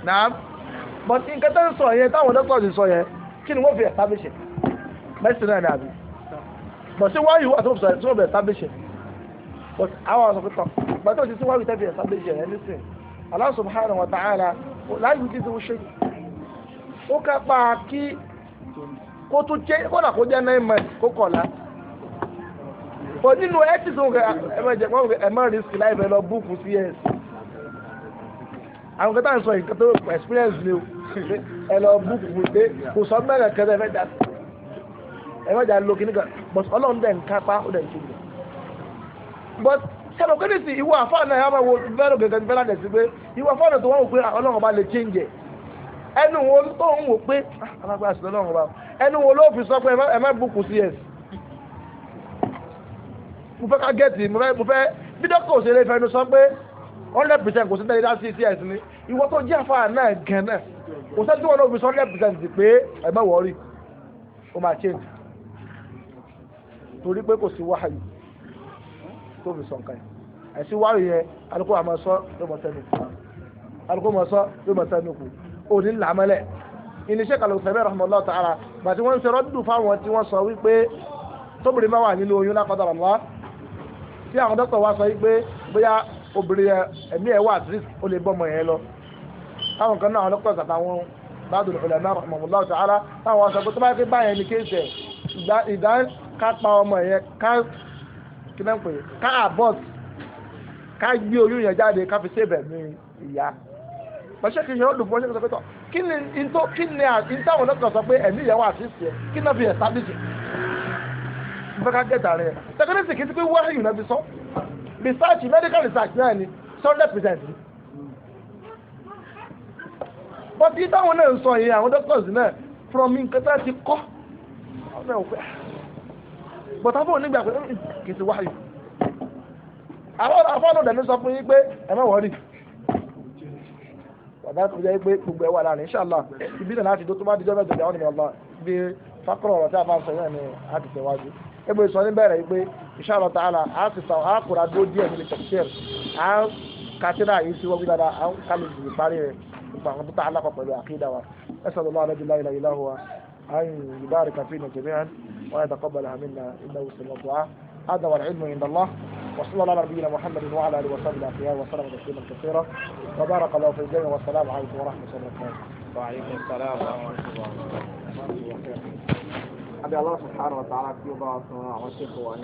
náà but nǹkan tó ń sọ yẹn táwọn doctors sọ yẹn kí ni wọ́n fi establish it medicine náà ni àbí but ṣé wáyé wà tó sọ yẹn tí wọ́n fi establish it but àwọn àwọn sọ pé tán ìgbà tó ti sí wáyé tẹ́ fi establish it anything Allah subhanahu wa ta'ala láyé ti ti ṣe ó kápá kí kó tó jẹ́ kódà kó jẹ́ nine months kó kọ̀ọ̀la bọ̀ nínú ẹtì tó ń kẹ ẹmọ ìjẹ pọ́n ẹmọ risk láìpẹ́ lọ búùkù sí ẹ̀ àwọn kẹta ń sọ nǹkan tó experience ni o ẹ lọ búùkù fún pé kò sọ mẹ́rin kẹta ẹ fẹ́ dà sí ẹ fẹ́ dà lo kíní kan but ọlọ́run dẹ̀ ń kápá ó dẹ̀ ń tó ẹnu kí ni sì ìwọ àfáà náà yà máa wo fẹ́rù gẹ́gẹ́ fẹ́rù àdẹ̀ sí pé ìwọ àfáà náà tó wọ́n wò pé ah, ọlọ́run ọba lè change ẹnu wo tó ń wò pé ah, ọlọ́run ọba ẹnu wo ẹ má sí mo fẹ́ ká gẹ̀ẹ́tì mo fẹ́ sọ pé hundred percent kò ni ìwọ tó jẹ́ gan náà kò torí pé kò sí tó fi sọ̀nkà yẹn àìsí wáyé yẹn alukó àmọ́ sọ ló mọ̀ sẹ́nu kù alukó mọ̀ sọ ló mọ̀ sẹ́nu kù òní làmọ́lẹ̀ iléeṣẹ́ kàlùsẹ̀mẹ́ Allah ta'ala bàtí wọ́n ń ṣe rọ́dùn fáwọn tí wọ́n sọ wípé tóbìnrin bá wà nílé oyún lápáta lọ́wọ́ tí àwọn dókítà wa sọ wípé bóyá obìnrin ẹ̀mí ẹ̀ wà àti ó lè bọ́mọ yẹn lọ táwọn kan náà àwọn dókítà àtàwọn bàdùn ulama Allah ta'ala táwọn sọ pé tó bá yẹ kí báyẹn ní kéèsì ìdá ká pa ọmọ yẹn kí náà ń pè é ká abort ká gbé oyún yẹn jáde ká fi ṣèbẹ̀ ní ìyá pàṣẹ kì í yẹn ó dùn fún ọṣẹ kí n sọ pé tọ kí ni ntọ́ kí ni ntáwọn lọ́kàn sọ pé ẹ̀mí yẹn wà àti ìsìn kí náà fi ẹ̀ sábìsì fẹ́ ká gẹ̀ẹ́ta rẹ̀ tẹkinisi kì ti pé wáyé náà fi sọ research medical research náà ni hundred percent ni bọ́tí táwọn náà ń sọ yìí àwọn doctors náà from nǹkan tá a ti kọ́ ọ̀nà bọ̀tàfọ́ nígbà pé kì í ti wáyò afọ́nù dẹ̀ ní sọ fún yín pé ẹ wọ́ọ̀rì bàbá tó jẹ́ gbogbo láàrin ibi náà láti tó bá dijọ́ bẹ́ẹ̀ tẹ̀lé àwọn ènìyàn lọ bí fákọ̀rọ̀ ọ̀rọ̀ tí a máa sọ yẹn ni a ti tẹ̀wájú ebe sọ ní bẹ̀rẹ̀ pé a ti sọ a kura dó díẹ̀ níbi tẹ̀síẹ̀rì a kàtínà yìí sí wọ́n gbígbára a kálù ìparí rẹ̀ أن يبارك فينا جميعا ويتقبلها منا إنه سلم الدعاء هذا والعلم عند الله وصلى الله على نبينا محمد وعلى اله وصحبه الاخيار وسلم تسليما كثيرا وبارك الله في الجنه والسلام عليكم ورحمه الله وبركاته. وعليكم السلام ورحمه الله وبركاته. ابي الله سبحانه وتعالى في بعض